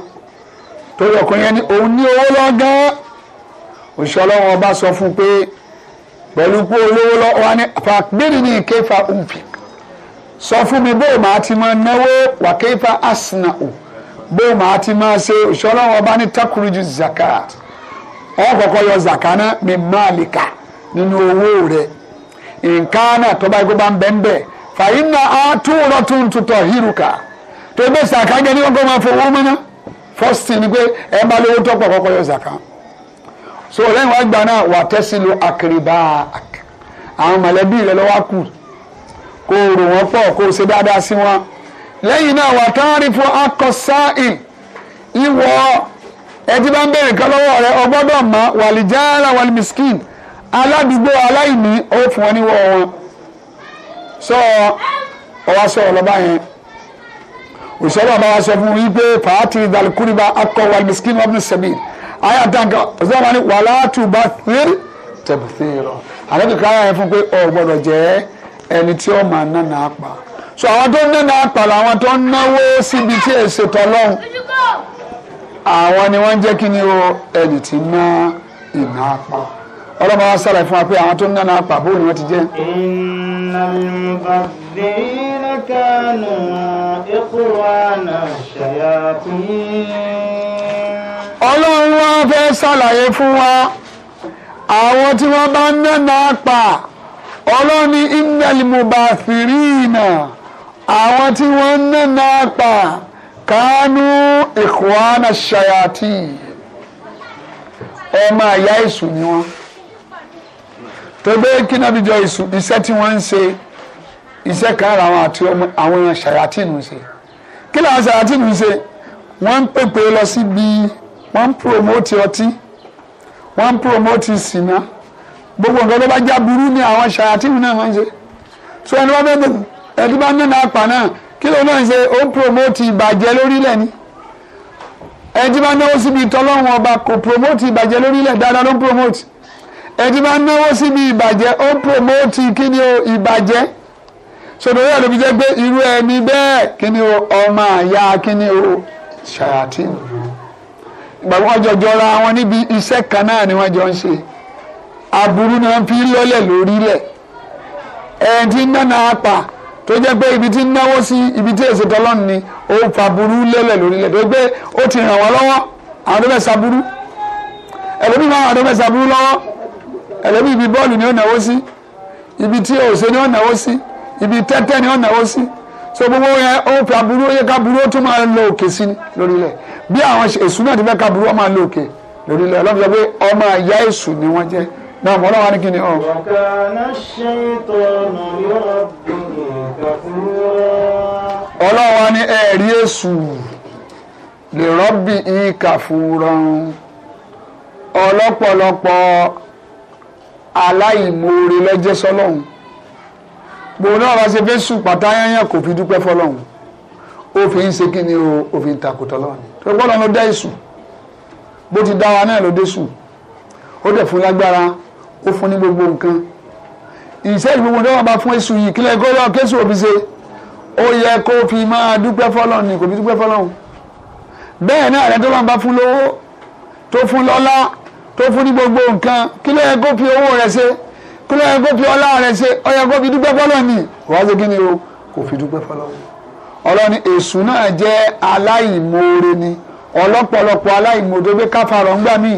torí ọkùnrin yẹn ni òun ní owó lọ́gán òṣìṣẹ́ ọlọ́run ọba sọ fún pé. pẹ̀lú kú olówó lọ wá ní fàgbéèrè ní ìkéfà òǹfì sọ fún mi bóò máa ti máa náwó wàkéfà àsìnà ò bóò ti máa ṣe òṣèlú bá ní takurujú ọ ọkọ̀ọ̀kọ̀ yọ zaka mi máa lè kà nínú owó rẹ nǹkan náà tó bá yẹ kó bá ń bẹ́ ń bẹ́ fàyín náà á tún tún tutọ̀ so lẹ́yìn wá gbà náà wà tẹ́sílù àkèrèbá àwọn mọ̀lẹ́bí rẹ lọ́wọ́ kù kó o rò wọ́n pọ̀ kó o ṣe dáadáa sí wọn lẹ́yìn náà wà tán rí fún akọ̀sáìn ìwọ ẹtí bá ń bẹ̀rẹ̀ nǹkan lọ́wọ́ rẹ ọgbọ́dọ̀ mọ wàlìjára wàlìmísíkìn aládùúgbò aláìní ó fún wọn níwọ̀ wọn sọ ọwọ́ sọ ọlọ́ba yẹn òṣèlú ọba wa sọ fún yí pé fàátì ìdàlùkúrìbá akọ wàlìmísíkìn ọbùn sẹ́bìlì aya tàǹkà ọ̀sán wa ni wàhálà tùbà fírí tẹ̀bùfìrọ̀ àlejò káyà yẹn fún pé ẹni tí ó ma nánà apà so àwọn tó nánà làwọn tó náwó síbi tí è ṣètò ọlọ́run àwọn ni wọ́n ń kí ni o ẹni tí ná ìná wa fún wa pé àwọn tó ni wọn ti jẹ́. ọlọ́run wá fẹ́ ṣàlàyé fún wa àwọn tí wọ́n bá nánà pa ọlọ́run ní ìmẹ̀lì mùbàfìrìnà àwọn tí wọ́n nánà pa kánú ìkùránà ṣayàtì ọmọ àyà èṣù ni wọn tẹgbẹ́ kí náà bí jọ èṣù iṣẹ́ tí wọ́n ń ṣe iṣẹ́ kan ara àwọn àti àwọn ṣayàtì nù ṣe kí làwọn ṣayàtì nù ṣe wọ́n ń pèpè lọ síbi. Si One ń promote ọtí wọ́n ń promote ìsìnà gbogbo nǹkan tó bá já burú ni àwọn ṣàyàtìmù náà máa ń ṣe so ẹni wọ́n bẹ̀rẹ̀ ẹni bá nínú apà náà kí ló náà ń ṣe ó ń promote ìbàjẹ́ lórílẹ̀ ni ẹni tí bá náwó síbi ìtọ́lọ́run ọba kò promote ìbàjẹ́ lórílẹ̀ dáadáa ló ń promote ẹni tí bá náwó síbi ìbàjẹ́ ó ń promote kí ni o ìbàjẹ́ sọdọ̀ yóò lóbi jẹ́ pé irú ẹni bẹ́ẹ̀ kí ni o ọmọ àyà kí ni o ṣàyàtìmù. gbàgbọ́ wọn jọ jọra wọn níbi iṣẹ́ kan náà ni wọ́n jọ ń ṣe aburú ni wọ́n fi ń lọ́lẹ̀ tí ń dáná apà tó jẹ́ pé ibi ti ń náwó ibi tí èsì tọ́lọ́ ni ó fa tó gbé ó ti ràn wọ́n lọ́wọ́ àwọn tó fẹ́ saburú ẹlòmíì náà àwọn ibi bọ́ọ̀lù ni ó náwó sí ibi tí ni ó náwó sí ibi tẹ́tẹ́ ni ó náwó sí so gbogbo yẹn ó fa ó yẹ ká ó tún máa lọ òkè bí àwọn èṣù náà ti fẹ́ ká burú ọmọ àlọ́ òkè lórílẹ̀ ọlọ́run sọ pé ọmọ ìyá èṣù ni wọ́n jẹ́ náà mọ́ ọlọ́run wá ní kí ni ọ. ọlọ́run wá ní ẹ̀rí èṣù lè rọ́bì ìkàfùrọ̀n ọlọ́pọ̀lọpọ̀ aláìmoore lọ́jẹ́ sọ́lọ́hún gbogbo náà wá ṣe fẹ́ sùn pàtàyàn kò fi dúpẹ́ fọlọ́hún ó ṣe kí ni o ó fi tó gbọ́dọ̀ ló dá èṣù bó ti dá wa náà ló dé èṣù ó dẹ̀ fún lágbára ó fún ní gbogbo nǹkan ìṣe ìgbogbo tó wà bá fún èṣù yìí kílẹ̀ kó lọ kéṣù òbí ṣe ó yẹ kó fi máa dúpẹ́ fọlọ́run ni kò fi dúpẹ́ fọlọ́run bẹ́ẹ̀ náà rẹ̀ tó wà bá fún lówó tó fún lọ́lá tó fún ní gbogbo nǹkan kílẹ̀ kó fi owó rẹ̀ ṣe kílẹ̀ kó fi ọlá rẹ̀ ṣe ó yẹ kó fi dúpẹ́ fọlọ́run ni wàá ṣe kí ni o kò fi dúpẹ́ fọlọ́run ọlọ́ni èṣù náà jẹ́ aláìmoore ni ọlọ́pọ̀lọpọ̀ aláìmoore pé káfàrọ̀ ńgbà míì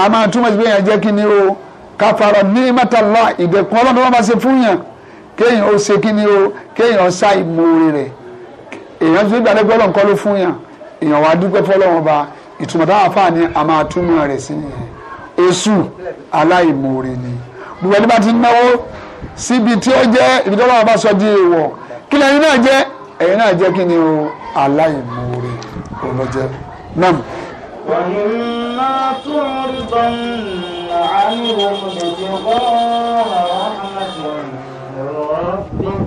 a máa túmọ̀ sí pé èèyàn jẹ́ kí ni o káfàrọ̀ ní mẹ́tàlá ìdẹ̀kùn ọlọ́run tó wọ́n bá ṣe fún yàn kéèyàn ó ṣe kí ni o kéèyàn ṣá ìmoore rẹ̀ èèyàn tún gbàdé pé ọlọ́run kọ́ ló fún yàn èèyàn wá dúpẹ́ fọlọ́run ọba ìtumọ̀ táwọn afáà ni a máa túmọ̀ rẹ̀ sí nìyẹn èṣù aláìmoore ni gbogbo ẹni bá ti náwó síbi tí ó jẹ́ ibi tó di èèwọ̀ kí lẹ́yìn náà jẹ́ ẹ̀yin náà jẹ́ kí ni o aláìmoore òun ló jẹ́ náà. وَإِمَّا تُعْرِضَنَّ عَنْهُمْ ابْتِغَاءَ رَحْمَةٍ مِّن رَّبِّكَ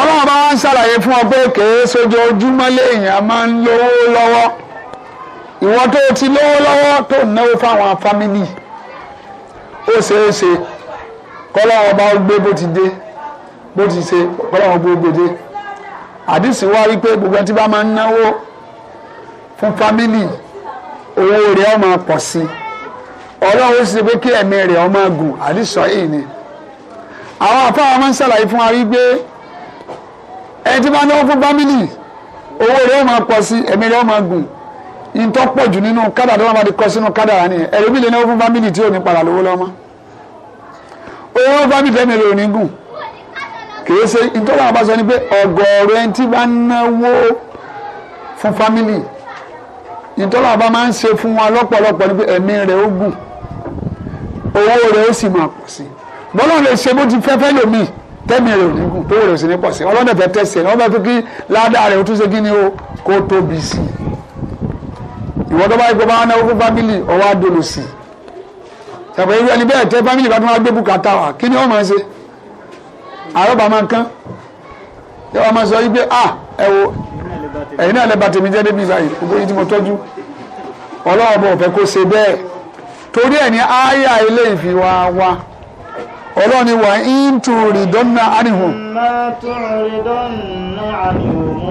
ọlọ́run bá wá ń ṣàlàyé fún ọ pé kèé sojoojúmọ́ léèyàn máa ń lówó lọ́wọ́ ìwọ tó ti lówó lọ́wọ́ tó náwó fáwọn fámìlì ó ṣeé ṣe kọ́lọ́run bá gbé bó ti dé bó ti ṣe kọ́lọ́run bó gbé dé àdìsí wá rí gbogbo ẹni tí bá máa ń náwó fún fámìlì owó rẹ̀ ọ máa pọ̀ sí ọlọ́run sì pé kí ẹ̀mí rẹ̀ ó máa gùn àdìsọ yìí ni àwọn àfáwọn máa ń ṣàlàyé fún wa rí ẹni tí bá náwó fún fámìlì owó rẹ̀ ọ máa pọ̀ sí ẹ̀mí máa gùn ìtọ́ pọ̀ kọ sínú kádà rà nìyẹn kìí ṣe ìtọ́lá àbá sọ ni pé ọ̀gọ̀ọ̀rọ̀ ẹni tí bá náwó fún fámìlì ìtọ́lá àbá máa ń ṣe fún wa lọ́pọ̀lọpọ̀ ni pé ẹ̀mí rẹ̀ ó gùn owó rẹ̀ ó sì máa pọ̀ sí bọ́lá rẹ̀ ṣe bó ti fẹ́fẹ́ lòmí tẹ́mi rẹ̀ ò ní gùn tó rẹ̀ sì ní pọ̀ sí ọlọ́dẹ fẹ́ tẹ̀sí ẹ̀ ọlọ́dẹ fẹ́ kí ládàá rẹ̀ ó tún ṣe kí ni o kó tóbi sí i ìwọ́n tó bá yẹ kó bá náwó fún fámìlì ọwọ́ á dolò sí i ṣàpèjì bẹ́ẹ̀ tẹ́ fámìlì bá tún wá gbé bùkátà wá kí ni wọ́n máa ṣe àrọ́bà máa ń kán yọ̀wọ́ máa sọ wípé ẹ wo ẹyin náà lè bà tèmi jẹ́ débi báyìí gbogbo yìí tí mo tọ́jú ọlọ́wọ́ bọ̀ fẹ́ kó bẹ́ẹ̀ torí ẹ̀ ní wá wá wà ń ánìhùn. má ánìhùn mo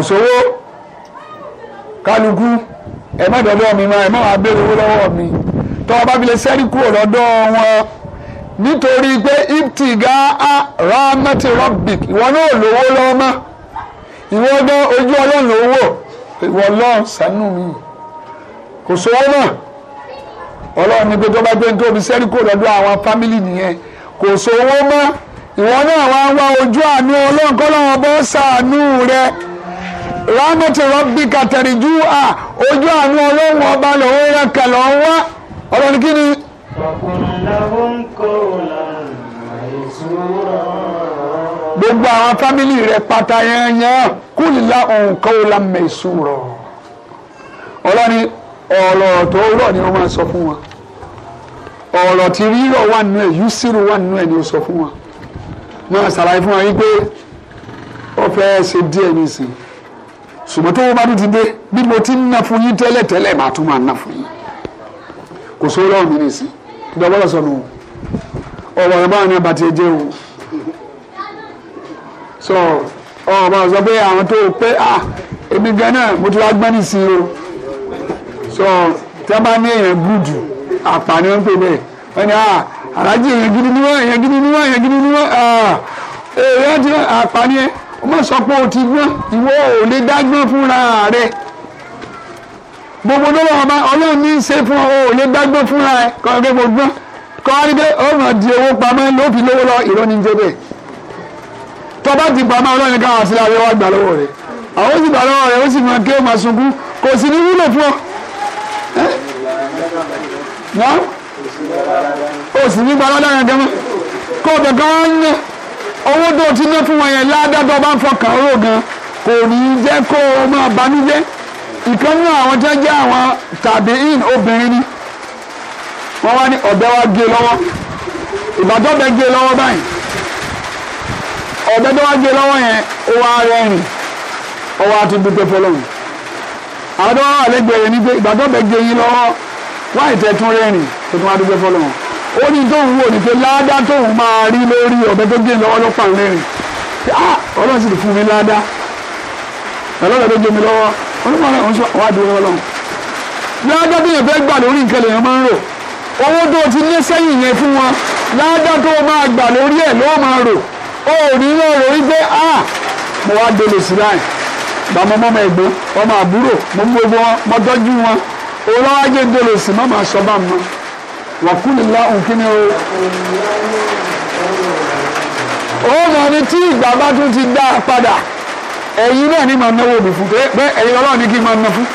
bí kálukú ẹ má dọ̀dọ̀ mi máa ẹ má wàá béèrè owó lọ́wọ́ mi tọ́ ọ bá fi lè sẹ́rí kúrò lọ́dọ̀ wọn nítorí pé ibtiga ramati rabbik ìwọ náà lówó lọ́wọ́ mọ́ ìwọ náà ojú ọlọ́run owó ìwọ lọ́run sànú mi kò sówó náà ọlọ́run ní pé tó bá gbé nítorí sẹ́rí kúrò lọ́dọ̀ àwọn fámìlì nìyẹn kò sówó mọ́ ìwọ náà wá wá ojú àánú ọlọ́run kọ́ lọ́wọ́ bọ́ sànú rẹ̀ rámọ̀tì rọ́bì kàtàríjú à ojú àánú ọlọ́run ọba lọ́wọ́ rẹ̀ kà lọ́wọ́ wá ọ̀rọ̀ ní kíni. gbogbo àwọn fámìlì rẹ̀ pátá yẹn yẹn kúlìlá òǹkọ́ la mẹ̀sùn rọ̀ ọlọ́ni ọ̀rọ̀ tó rọ̀ ni wọ́n máa sọ fún wọn ọ̀rọ̀ tí rírọ̀ wà nínú ẹ̀ yusuf wà nínú ẹ̀ ni ó sọ fún wọn máa ṣàlàyé fún wọn yí pé ó fẹ́ ṣe díẹ̀ nísìnyí ṣùgbọ́n tó wọ́n bá ti dé bí mo ti ń ná fún yín tẹ́lẹ̀ tẹ́lẹ̀ màá tún máa ná fún yín kò sówó lọ́wọ́ mi ní ìsìn ìjọba ọ̀rọ̀ sọ̀nù ọ̀rọ̀ báwọn ní abàtì ẹ̀jẹ̀ o so ọ̀rọ̀ bá sọ pé àwọn tó pé ah èmi gan náà mo ti wá gbọ́n ní ìsìn o so tí a bá ní èèyàn gúdù àpà ni pè bẹ́ẹ̀ wọ́n ní ah alájí èèyàn gidi ni wọ́n èèyàn gidi ni wọ́n èèyàn gidi ni wọ́n ah èèyàn ti àpà ẹ̀ o má sọ pé o ti gbọ́n ìwọ ò lè dágbọ́n fúnra rẹ gbogbo lọ́wọ́ ọba ọlọ́run ní í ṣe fún ọ ò lè dágbọ́n fúnra rẹ kọ́ ọ́ gbogbo gbọ́n kọ́ ọ́ rí pé ọ̀ràn di owó pamọ́ lófin lówó lọ ìrọ́ni ń jẹ́ bẹ́ẹ̀ tọ́ba ti pamọ́ ọlọ́run káwọn àti láwé wá gbà lọ́wọ́ rẹ àwọn ó sì gbà lọ́wọ́ rẹ ó sì máa ké ó máa sunkún kò sì ní wúlò fún ọ ó sì ní gbà owó tó ti ná fún wọn yẹn ládàtọ̀ bá ń fọkàn owó gan kò ní jẹ́ kó o máa banújẹ́ ìkan nínú àwọn tó jẹ́ àwọn tàbí in obìnrin ni wọ́n wá ní ọ̀bẹ wa gé lọ́wọ́ ìbàdàn bẹ gé lọ́wọ́ báyìí ọ̀bẹ tó wá gé lọ́wọ́ yẹn ó wá rẹ́rìn ó wá tún dúpẹ́ fọlọ́run àwọn tó wá wà lẹ́gbẹ̀ẹ́ yẹn ní pé ìbàdàn bẹ gé yín lọ́wọ́ wáyé tẹ̀ tún rẹ́rìn tó tún wá dúpẹ́ fọlọ́run ó ní tóun wò ní pé ládá tóun máa rí lórí ọ̀bẹ tó gé lọ́wọ́ ló pàrọ̀ lẹ́rìn pé ah ọlọ́run sì fún mi ládá ọlọ́run tó gé mi lọ́wọ́ ọlọ́run ọ̀hún wá dúró ọlọ́run ládá tó yẹn fẹ́ gbà lórí nǹkan lèèyàn máa ń rò owó tó ti ní sẹ́yìn yẹn fún wọn ládá tó máa gbà lórí ẹ̀ ló máa rò ó ní lọ rò wípé ah mo wá délé sí láì bàmọ́ mọ́mọ́ ẹ̀gbọ́n ọmọ àbúrò mo ń gbogbo wọn mo tọ́jú wọn òun lọ́wọ́ ajé délé sí mọ́ wàkúlùlá òkìní o. ó mọ̀ ní tí ìgbà tún ti dá a padà ẹ̀yin náà ni màá náwó mi fún pé ẹ̀yin ọlọ́run ní kí n máa ná fún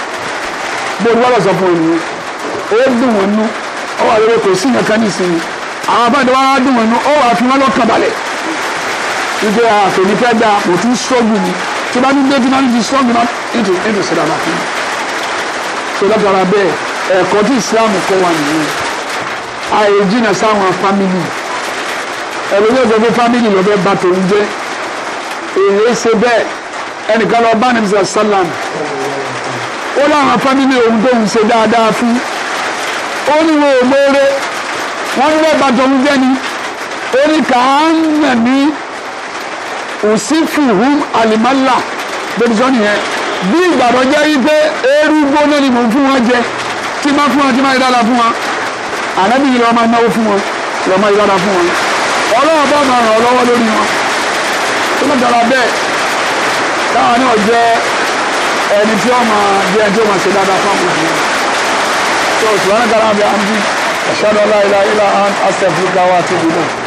bó o lọ́dọ̀ sọ fún olùwọ́ ó dùn wọn nú ó wà lórí kò sí yẹn kan nísìnyí àwọn abáyé wa á dùn wọn nú ó wà fi wọn lọ́kàn balẹ̀ ìgbé àfẹ̀mí fẹ́ dáa mo tún sọ́gùn ni tí bá ní débi náà ní sọ́gùn náà ètò ètò sọ̀rọ̀ àbàfin so lọ́dọ̀ ara bẹ́ẹ̀ ẹ̀kọ́ tí ìsìlámù kọ́ wa nìyẹn àyè jìnnà sáwọn fámìlì ẹlòmíràn sọ pé fámìlì ló fẹ́ bá tòun jẹ́ èyí ṣe bẹ́ẹ̀ ẹnìkan lọ bá nìbísà sálàm ó láwọn fámìlì òun tó ń ṣe dáadáa fún ó ní wo òmóore wọ́n ní wọ́n bá tòun jẹ́ ni ó ní kàánà ní òsínfùhù àlìmálà bẹ́ẹ̀ sọ nìyẹn bí ìgbàdàn jẹ́ yí pé eérú gbóná ni mò ń fún wọn jẹ tí máa fún wọn tí máa yẹ dáadáa fún wọn ànábì yìí lọ́ọ́ máa náwó fún wọn lọ́ọ́ máa yọ̀dá fún wọn ọlọ́wọ́ bá máa ràn ọ́ lọ́wọ́ lórí wọn tó má dára bẹ́ẹ̀ táwọn náà jẹ́ ẹni tí wọ́n máa jẹ́ ẹni tí wọ́n máa ṣe dáadáa fún àwọn ọmọ tó sùwọ́n dára bí i àmì ẹ̀ṣọ́